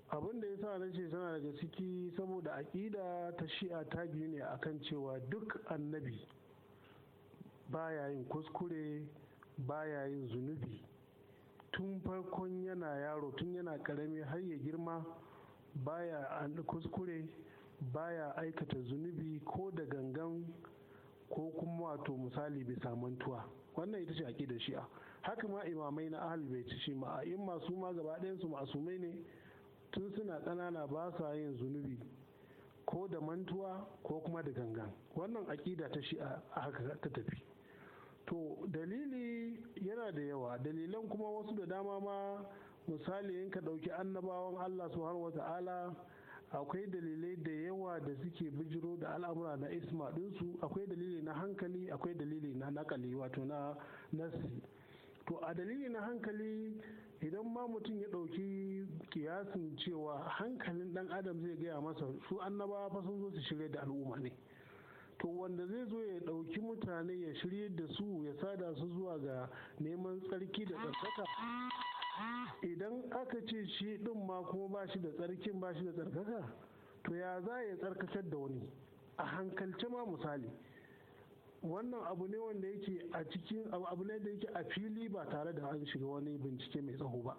abin da ya sa na ce tana daga ciki saboda aƙida ta shi'a ta biyu ne akan cewa duk annabi baya yin kuskure baya yin zunubi tun farkon yana yaro tun yana karami har ya girma baya an kuskure baya aikata zunubi ko da gangan ko kuma wato misali bisa mantuwa wannan ita ce aƙidar shi'a haka ma imamai na ahal bai ci shi ma in masu ma gaba ɗayansu masumai ne tun suna ƙanana ba sa yin zunubi ko da mantuwa ko kuma da gangan wannan aƙida ta shi'a haka ta tafi to dalili yana da yawa dalilan kuma wasu da dama ma misali in ka ɗauki annabawan allah wata wata'ala akwai dalilai da yawa da suke bijiro da al'amura na isma ɗinsu akwai dalili na hankali akwai dalili na nakali wato na nasi to a dalili na hankali idan ma mutum ya ɗauki kiyasin cewa hankalin ɗan adam zai gaya masa su annabawa fa sun zo su shirya da al'umma ne to wanda zai zo ya ɗauki mutane ya shirye da su ya sada su zuwa ga neman tsarki da tsarkaka idan aka ce shi ɗin ma kuma ba shi da tsarkin ba shi da tsarkaka to ya za ya tsarkakar da wani a hankalce ma misali wannan abu ne wanda yake a cikin abu ne da yake a fili ba tare da an shiga wani bincike mai tsaho ba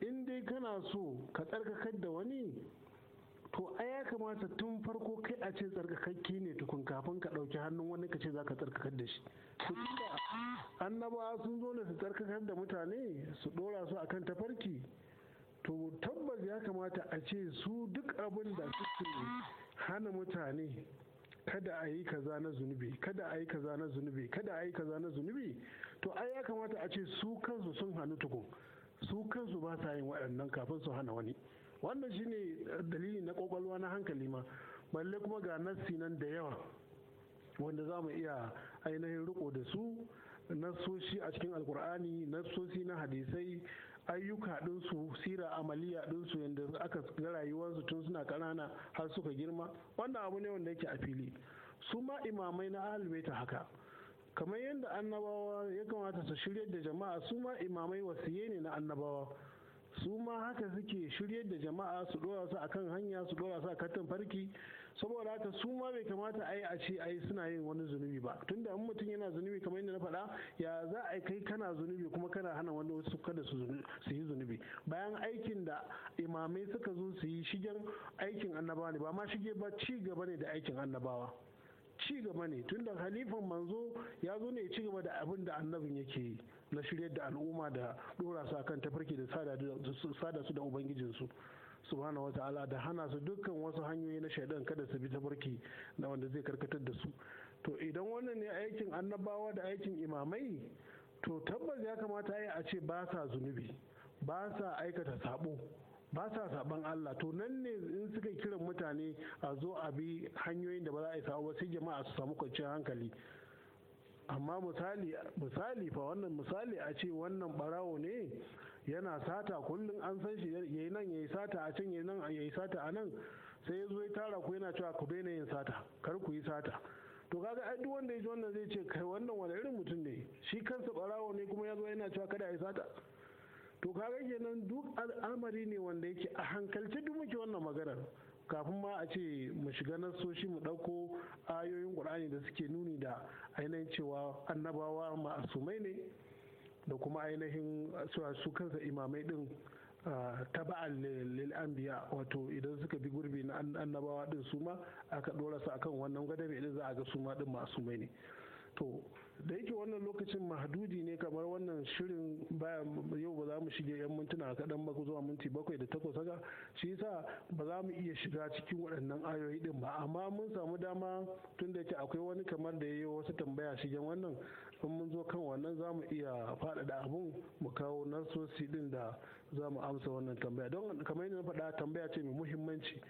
in dai kana so ka tsarkakar da wani to a ya kamata tun farko kai a ce tsarkakakke ne tukun kafin ka ɗauki hannun wani ka ce za ka tsarkakar da shi su tunda annabawa sun zo ne su tsarkakar da mutane su ɗora su akan tafarki to tabbas ya kamata a ce su duk abin da suke hana mutane kada a yi kaza na zunubi kada a yi kaza na zunubi kada a yi kaza na zunubi to ai ya kamata a ce su kansu sun hannu tukun su kansu ba sa yin waɗannan kafin su hana wani wannan shine dalili na kwakwalwa na hankali ma balle kuma ga nassi nan da yawa wanda za mu iya ainihin riko da su nassoshi a cikin alkur'ani nassoshi na hadisai ayyuka ɗinsu sira amaliya ɗinsu yadda aka ga rayuwarsu tun suna ƙanana har suka girma wannan abu ne wanda yake a fili su ma imamai na ta haka kamar yadda annabawa ya kamata su shirya da jama'a su ma imamai wasiye ne na annabawa su ma haka suke shiryar da jama'a su dora su akan hanya su dora su akan farki? saboda haka su ma bai kamata ai a ce ai suna yin wani zunubi ba tunda in mutum yana zunubi kamar yadda na faɗa ya za a kai kana zunubi kuma kana hana wani wasu kada su yi zunubi bayan aikin da imamai suka zo su yi shigen aikin annabawa ne ba ma shige ba ci gaba ne da aikin annabawa ci gaba ne tunda halifan manzo ya zo ne ci gaba da abin da annabin yake yi na shiryar da al'umma da dora su akan tafarki da sada su da ubangijinsu subhanahu wa ta'ala da hana su dukkan wasu hanyoyi na shaidan kada su bi tafarki na wanda zai karkatar da su to idan wannan ne aikin annabawa da aikin imamai to tabbas ya kamata yi a ce ba sa zunubi ba sa aikata sabo ba sa saban Allah to nan ne in suka kiran mutane a zo a bi hanyoyin da ba za a yi sabo ba sai jama'a su samu kwanciyar hankali amma misali misali fa wannan misali a ce wannan barawo ne yana sata kullum an san shi yayi nan yayi sata a can yayi nan yayi sata a nan sai ya zo ya tara ku yana cewa ku daina yin sata kar ku yi sata to kaga ai duk wanda ya ji wannan zai ce kai wannan wani irin mutum ne shi kansa barawo ne kuma ya zo yana cewa kada a yi sata to kaga kenan duk al'amari ne wanda yake a hankalce duk muke wannan maganar kafin ma a ce mu shiga nasoshi mu ɗauko ayoyin ƙur'ani da suke nuni da ainihin cewa annabawa ma'asumai ne da kuma ainihin su kansa imamai ɗin ta taba'an lil anbiya wato idan suka bi gurbi na annabawa ɗin su ma aka ɗora su akan wannan gwadabe idan za a ga su ma ɗin mai ne to da yake wannan lokacin mahdudi ne kamar wannan shirin baya yau ba za mu shige yan mintuna kaɗan ba zuwa minti bakwai da takwas haka shi yasa ba za mu iya shiga cikin waɗannan ayoyi din ba amma mun samu dama tun da yake akwai wani kamar da yayi wasu tambaya shigen wannan in mun zo kan wannan za mu iya faɗaɗa abun mu kawo nasosi din da za mu amsa wannan tambaya don kamar yadda na faɗa tambaya ce mai muhimmanci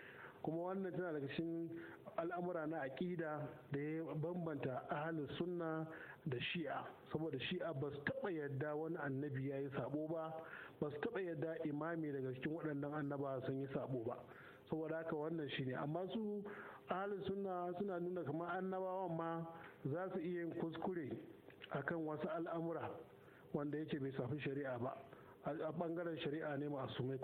kuma wannan tana daga cikin al'amura na aƙida da ya bambanta ahalin sunna da shi'a saboda shi'a ba su taɓa yadda wani annabi ya yi sabo ba ba su taɓa yadda imami daga cikin waɗannan annaba sun yi sabo ba saboda haka wannan shi ne amma su ahalin suna suna nuna kamar annabawan ma za su iya yin kuskure akan wasu al'amura wanda yake bai safi shari'a ba a bangaren shari'a ne masu mai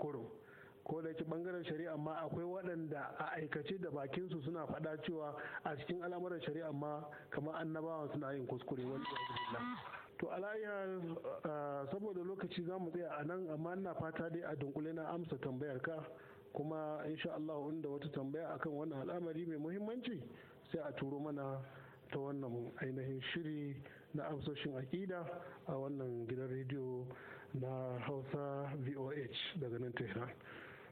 ko da ke bangaren shari'a ma akwai waɗanda a aikace da bakinsu suna faɗa cewa a cikin al'amuran shari'a ma kamar annabawan suna yin kuskure wani to alayya saboda lokaci za mu tsaya a nan amma ina fata dai a dunkule na amsa tambayar ka kuma insha Allah inda wata tambaya akan wannan al'amari mai muhimmanci sai a turo mana ta wannan ainihin shiri na amsoshin aƙida a wannan gidan rediyo na hausa voh daga nan tehran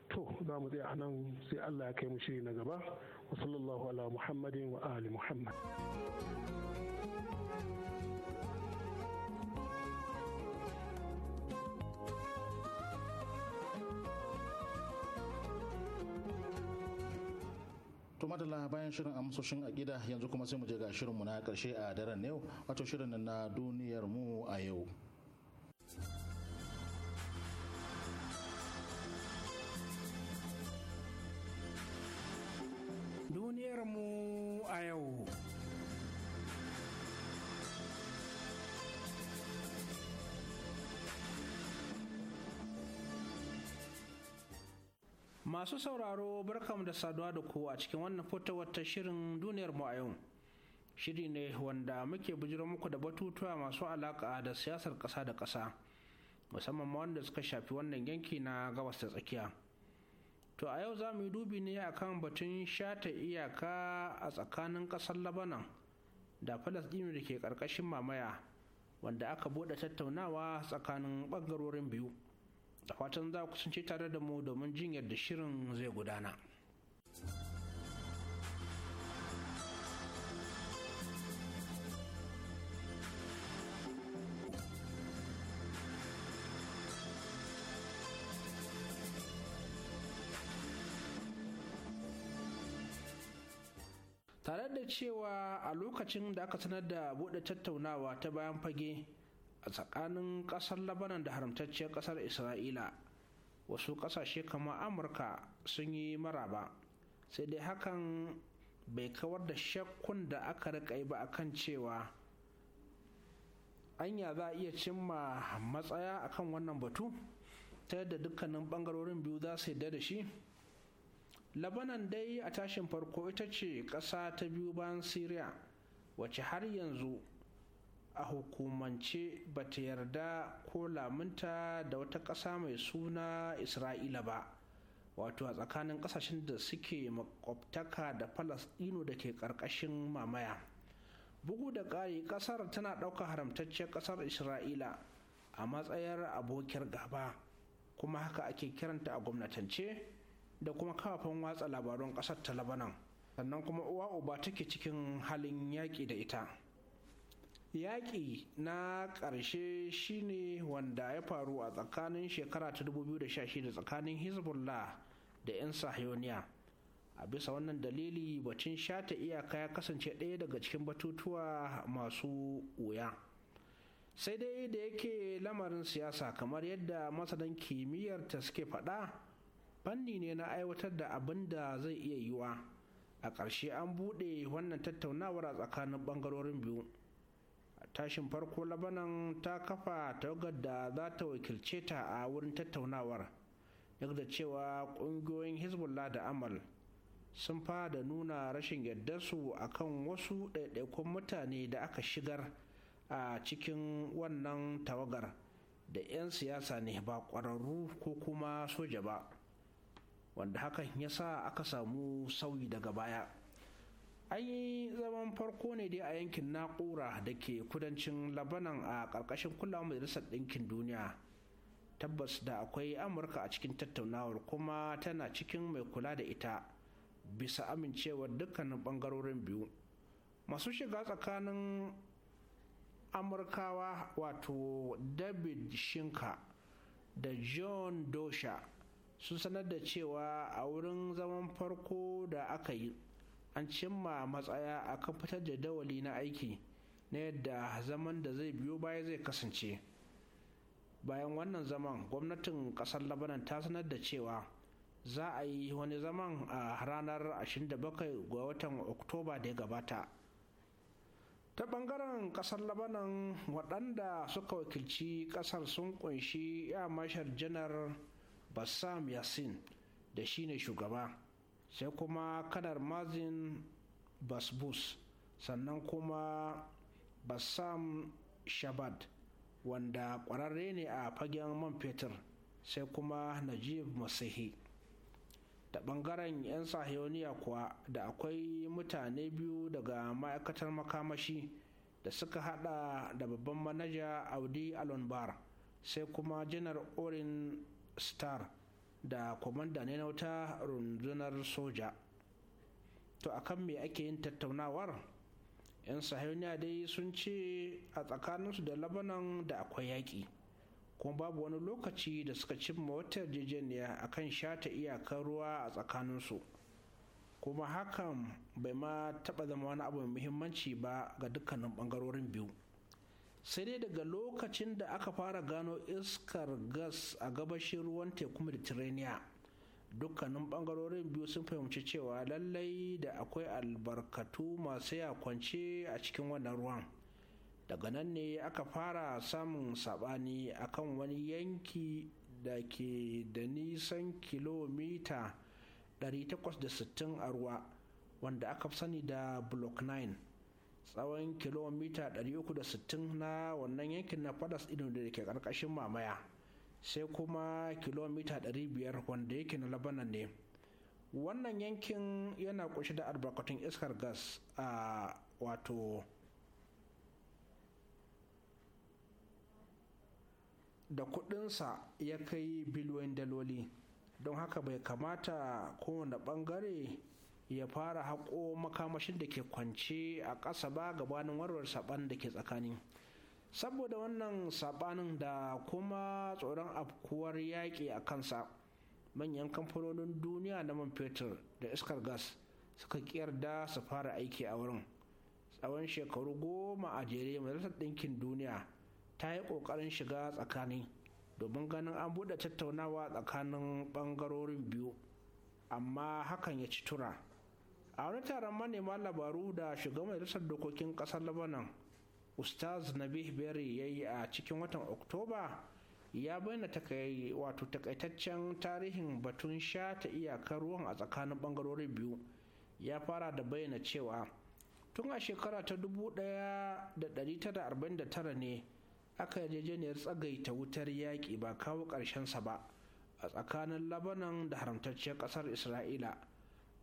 to za mu tsaya nan sai Allah ya kai mu shiri na gaba wa sallallahu ala muhammadin wa ali muhammad madalla bayan shirin amsoshin gida yanzu kuma sai mu je ga shirinmu na karshe a daren yau wato shirin na duniyar mu a yau mu a yau. Masu sauraro barkamu da saduwa da ku a cikin wannan fitowar ta shirin duniyar mu a yau. Shiri ne wanda muke bujiro muku da batutuwa masu alaka da siyasar ƙasa da ƙasa, musamman ma wanda suka shafi wannan yanki na gabas da tsakiya. to a yau za mu yi dubi ne a kan batun shata iyaka a tsakanin ƙasar labanan da falasɗinu da ke ƙarƙashin mamaya wanda aka buɗe tattaunawa tsakanin ɓangarorin biyu da fatan za ku sun tare da mu domin jin yadda shirin zai gudana. da cewa a lokacin da aka sanar da buɗe tattaunawa ta bayan fage a tsakanin ƙasar labanan da haramtacciyar ƙasar isra'ila wasu ƙasashe kamar amurka sun yi maraba sai dai hakan bai kawar da shakkun da aka riƙa ba a kan cewa anya za a iya cimma matsaya akan wannan batu ta yadda dukkanin ɓangarorin biyu za su yi da shi labanan dai a tashin farko ita ce ƙasa ta biyu bayan syria wacce har yanzu a hukumance ba ta yarda ko lamunta da wata ƙasa mai suna isra'ila ba wato a tsakanin ƙasashen da suke makwabtaka da falasɗinu da ke ƙarƙashin mamaya bugu da ƙari ƙasar tana ɗaukar haramtacciyar ƙasar isra'ila a matsayar abokiyar gaba kuma haka ake kiranta a gwamnatance da kuma kafafen watsa labarun ƙasar ta labanan sannan kuma uwa uba take cikin halin yaƙi da ita yaƙi na ƙarshe shine wanda ya faru a tsakanin shekara ta 2016 tsakanin hezbollah da 'yan sahiyoniya a bisa wannan dalili bacin shata iyaka ya kasance ɗaya daga cikin batutuwa masu wuya sai dai da yake lamarin siyasa kamar yadda masanan kimiyyar ta suke faɗa fanni ne na aiwatar da abin da zai iya yiwa a ƙarshe an buɗe wannan tattaunawar a tsakanin ɓangarorin biyu tashin farko labanan ta kafa tawagar da za ta wakilce ta a wurin tattaunawar duk da cewa ƙungiyoyin hezbollah da amal sun fada nuna rashin yardarsu a kan wasu ɗaiɗaikun mutane da aka shigar a cikin wannan tawagar da 'yan siyasa ne ba ƙwararru ko kuma soja ba wanda hakan ya sa aka samu sauyi daga baya an yi zaman farko ne dai a yankin na'ura da ke kudancin labanan a ƙarƙashin kulawar majalisar ɗinkin duniya tabbas da akwai amurka a cikin tattaunawar kuma tana cikin mai kula da ita bisa amincewar dukkanin ɓangarorin biyu masu shiga tsakanin amurkawa wato david shinka da john dosha sun sanar da cewa a wurin zaman farko da aka yi an cimma matsaya a kan fitar jadawali na aiki na yadda zaman da zai biyo baya zai kasance bayan wannan zaman gwamnatin kasar labanan ta sanar da cewa za a yi wani zaman a ranar 27 ga watan oktoba da ya gabata ta bangaren kasar labanan waɗanda suka wakilci kasar sun kunshi ya mashar janar bassam yasin da shi ne shugaba sai kuma kanar mazin basbus sannan kuma bassam shabad wanda kwararre ne a fagen man fetur sai kuma najib masihi da bangaren 'yan sahiyoniya kuwa da akwai mutane biyu daga ma'aikatar makamashi da suka hada da babban manaja audi alonbar sai kuma janar orin star da kwamanda ne na wata rundunar soja to a kan me ake yin tattaunawar 'yan sahiyoniya dai sun ce a tsakaninsu da labanan da akwai yaƙi kuma babu wani lokaci da suka cimma wata yarjejeniya kan shata iyakar ruwa a tsakaninsu kuma hakan bai ma taɓa zama wani abu mai muhimmanci ba ga dukkanin ɓangarorin biyu sai dai daga lokacin da aka fara gano iskar gas a gabashin ruwan teku mediterranean dukkanin bangarorin biyu sun fahimci cewa lallai da akwai albarkatu masu yakwance a cikin wannan ruwan daga nan ne aka fara samun sabani akan wani yanki da ke da nisan kilomita 860 a ruwa wanda aka sani da block 9 tsawon kilomita 360 na wannan yankin na faras ɗin da ke ƙarƙashin mamaya sai kuma kilomita 500 wanda yake na labanan ne wannan yankin yana ƙunshe da albarkatun iskar gas a wato da kudinsa ya kai biliyoyin daloli don haka bai kamata kowane bangare ya fara haƙo makamashin da ke kwance a ƙasa ba gabanin warwar saɓan da ke tsakani saboda wannan saɓanin da kuma tsoron afkuwar yaƙi a kansa manyan kamfanonin duniya na man fetur da iskar gas suka yarda su fara aiki a wurin tsawon shekaru goma a jere majalisar ɗinkin duniya ta yi ƙoƙarin shiga tsakani domin ganin an buɗe tattaunawa tsakanin ɓangarorin biyu amma hakan ya ci tura a wani taron manema labaru da shugaban majalisar dokokin kasar labanan ustaz nabih berry ya yi a cikin watan oktoba ya bayyana wato takaitaccen tarihin batun shata iyakar ruwan a tsakanin bangarori biyu ya fara da bayyana cewa tun a shekara ta 1949 ne aka yarjejeniyar tsagaita wutar yaƙi ba kawo ƙarshensa ba a tsakanin labanan da haramtacciyar ƙasar isra'ila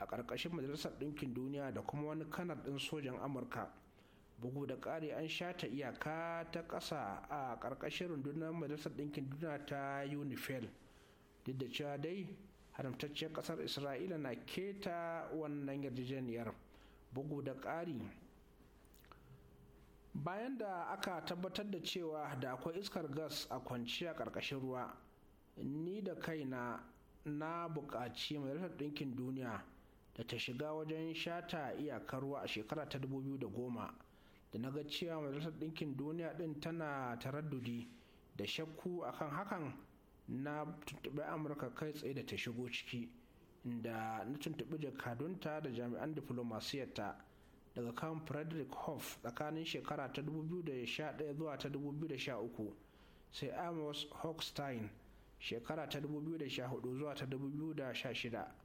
a ƙarƙashin majalisar ɗinkin duniya da kuma wani kanar ɗin sojan amurka bugu da ƙari an sha ta iyaka ta ƙasa a ƙarƙashin rundunar majalisar ɗinkin duniya ta unifel duk da cewa dai haramtacciyar ƙasar isra'ila na keta wannan yarjejeniyar bugu da ƙari bayan da aka tabbatar da cewa da akwai iskar gas a kwanciya ƙarƙashin ruwa ni da kaina na buƙaci majalisar ɗinkin duniya da ta shiga wajen shata iyakar ruwa a shekara ta 2010 da na ga cewa majalisar ɗinkin duniya ɗin tana taraddudi da shakku akan hakan na tuntuɓi amurka kai tsaye da ta shigo ciki inda na tuntuɓi jakadunta da jami'an diflomasiyarta daga kan frederick hoff tsakanin shekara ta 2011 zuwa ta 2013 sai amos hochstein shekara ta 2014 zuwa ta 2016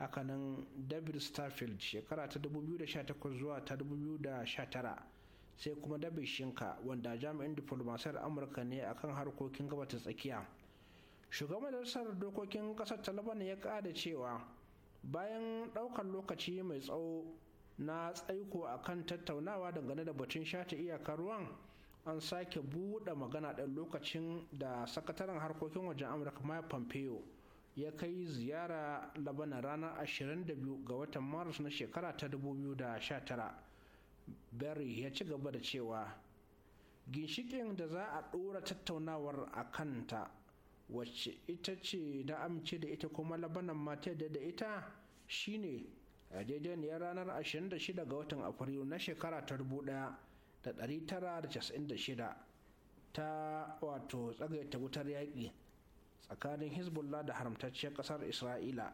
hakanan david starfield shekara ta 2018 zuwa ta 2019 sai kuma david shinka wanda jami'in diplomasiyar amurka ne akan harkokin gaba ta tsakiya shugaban majalisar dokokin kasar taliban ya kada cewa bayan ɗaukar lokaci mai tsawo na tsaiko akan tattaunawa dangane da batun shata iyakar ruwan an sake buɗe magana ɗan lokacin da sakataren harkokin wajen amurka mike pompeo ya kai ziyara labana ranar 22 ga watan maris na shekara ta 2019 berry ya ci gaba da cewa ginshikin da za a ɗora tattaunawar a kanta wacce ita ce na amince da ita kuma labanan mata da ita shine a daidaiya ranar 26 ga watan afrilu na shekara ta 1996 ta wato tsagaita wutar yaƙi tsakanin hezbollah da haramtacciyar ƙasar isra'ila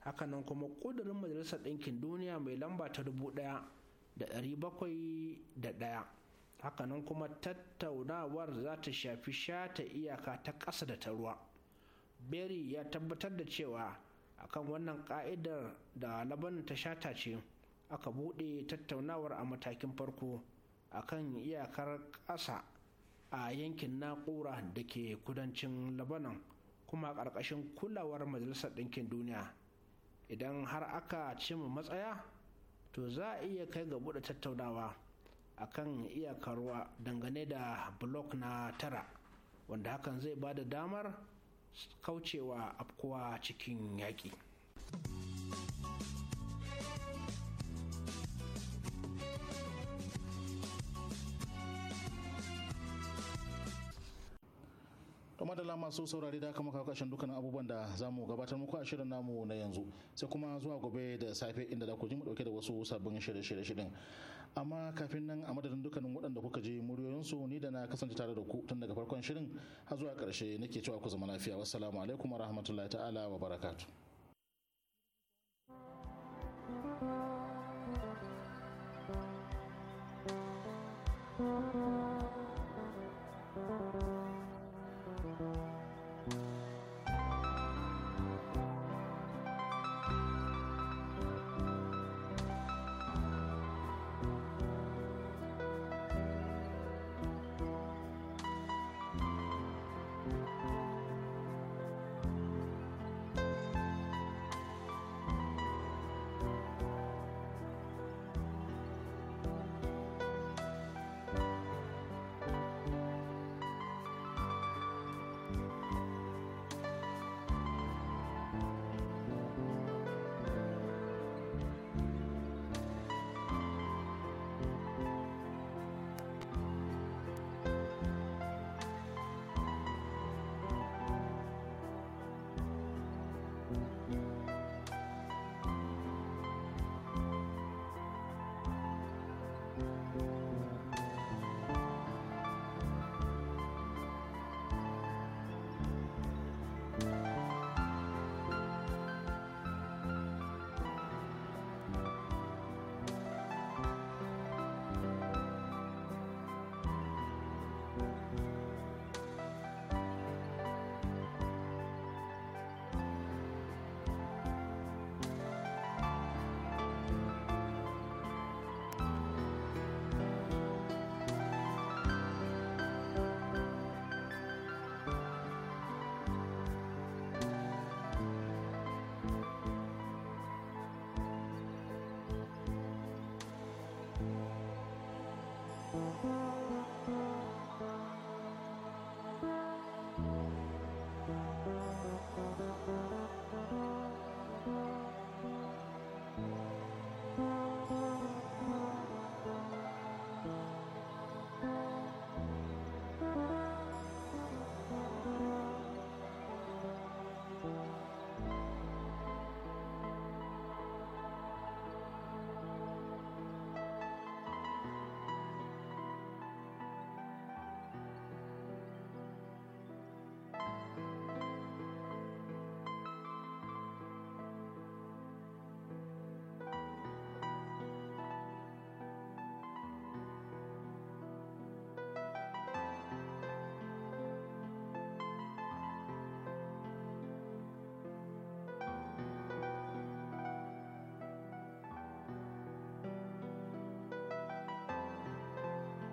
hakanan kuma ƙudurin majalisar ɗinkin duniya mai lamba ta dubu ɗaya da ɗari bakwai da ɗaya hakanan kuma tattaunawar za ta shafi shata iyaka ta ƙasa da ta ruwa berry ya tabbatar da cewa akan wannan ka'idar da laban ta shata ce aka buɗe tattaunawar a matakin farko akan iyakar ƙasa a yankin na'ura da ke kudancin labanan kuma ƙarƙashin kulawar majalisar ɗinkin duniya idan har aka cimma matsaya to za a iya kai ga buɗe tattaunawa akan iyakar ruwa dangane da blok na tara wanda hakan zai ba da damar kaucewa afkuwa cikin yaƙi. madalla masu saurari da kama kakashin dukkanin abubuwan da za mu gabatar muku a shirin namu na yanzu sai kuma zuwa gobe da safe inda da ku ji mu dauke da wasu sabbin shirye-shirye amma kafin nan a madadin dukkanin waɗanda kuka je su ni da na kasance tare da ku tun daga farkon shirin har zuwa ƙarshe nake cewa ku zama lafiya wassalamu alaikum warahmatullahi ta'ala wa barakatu. thank you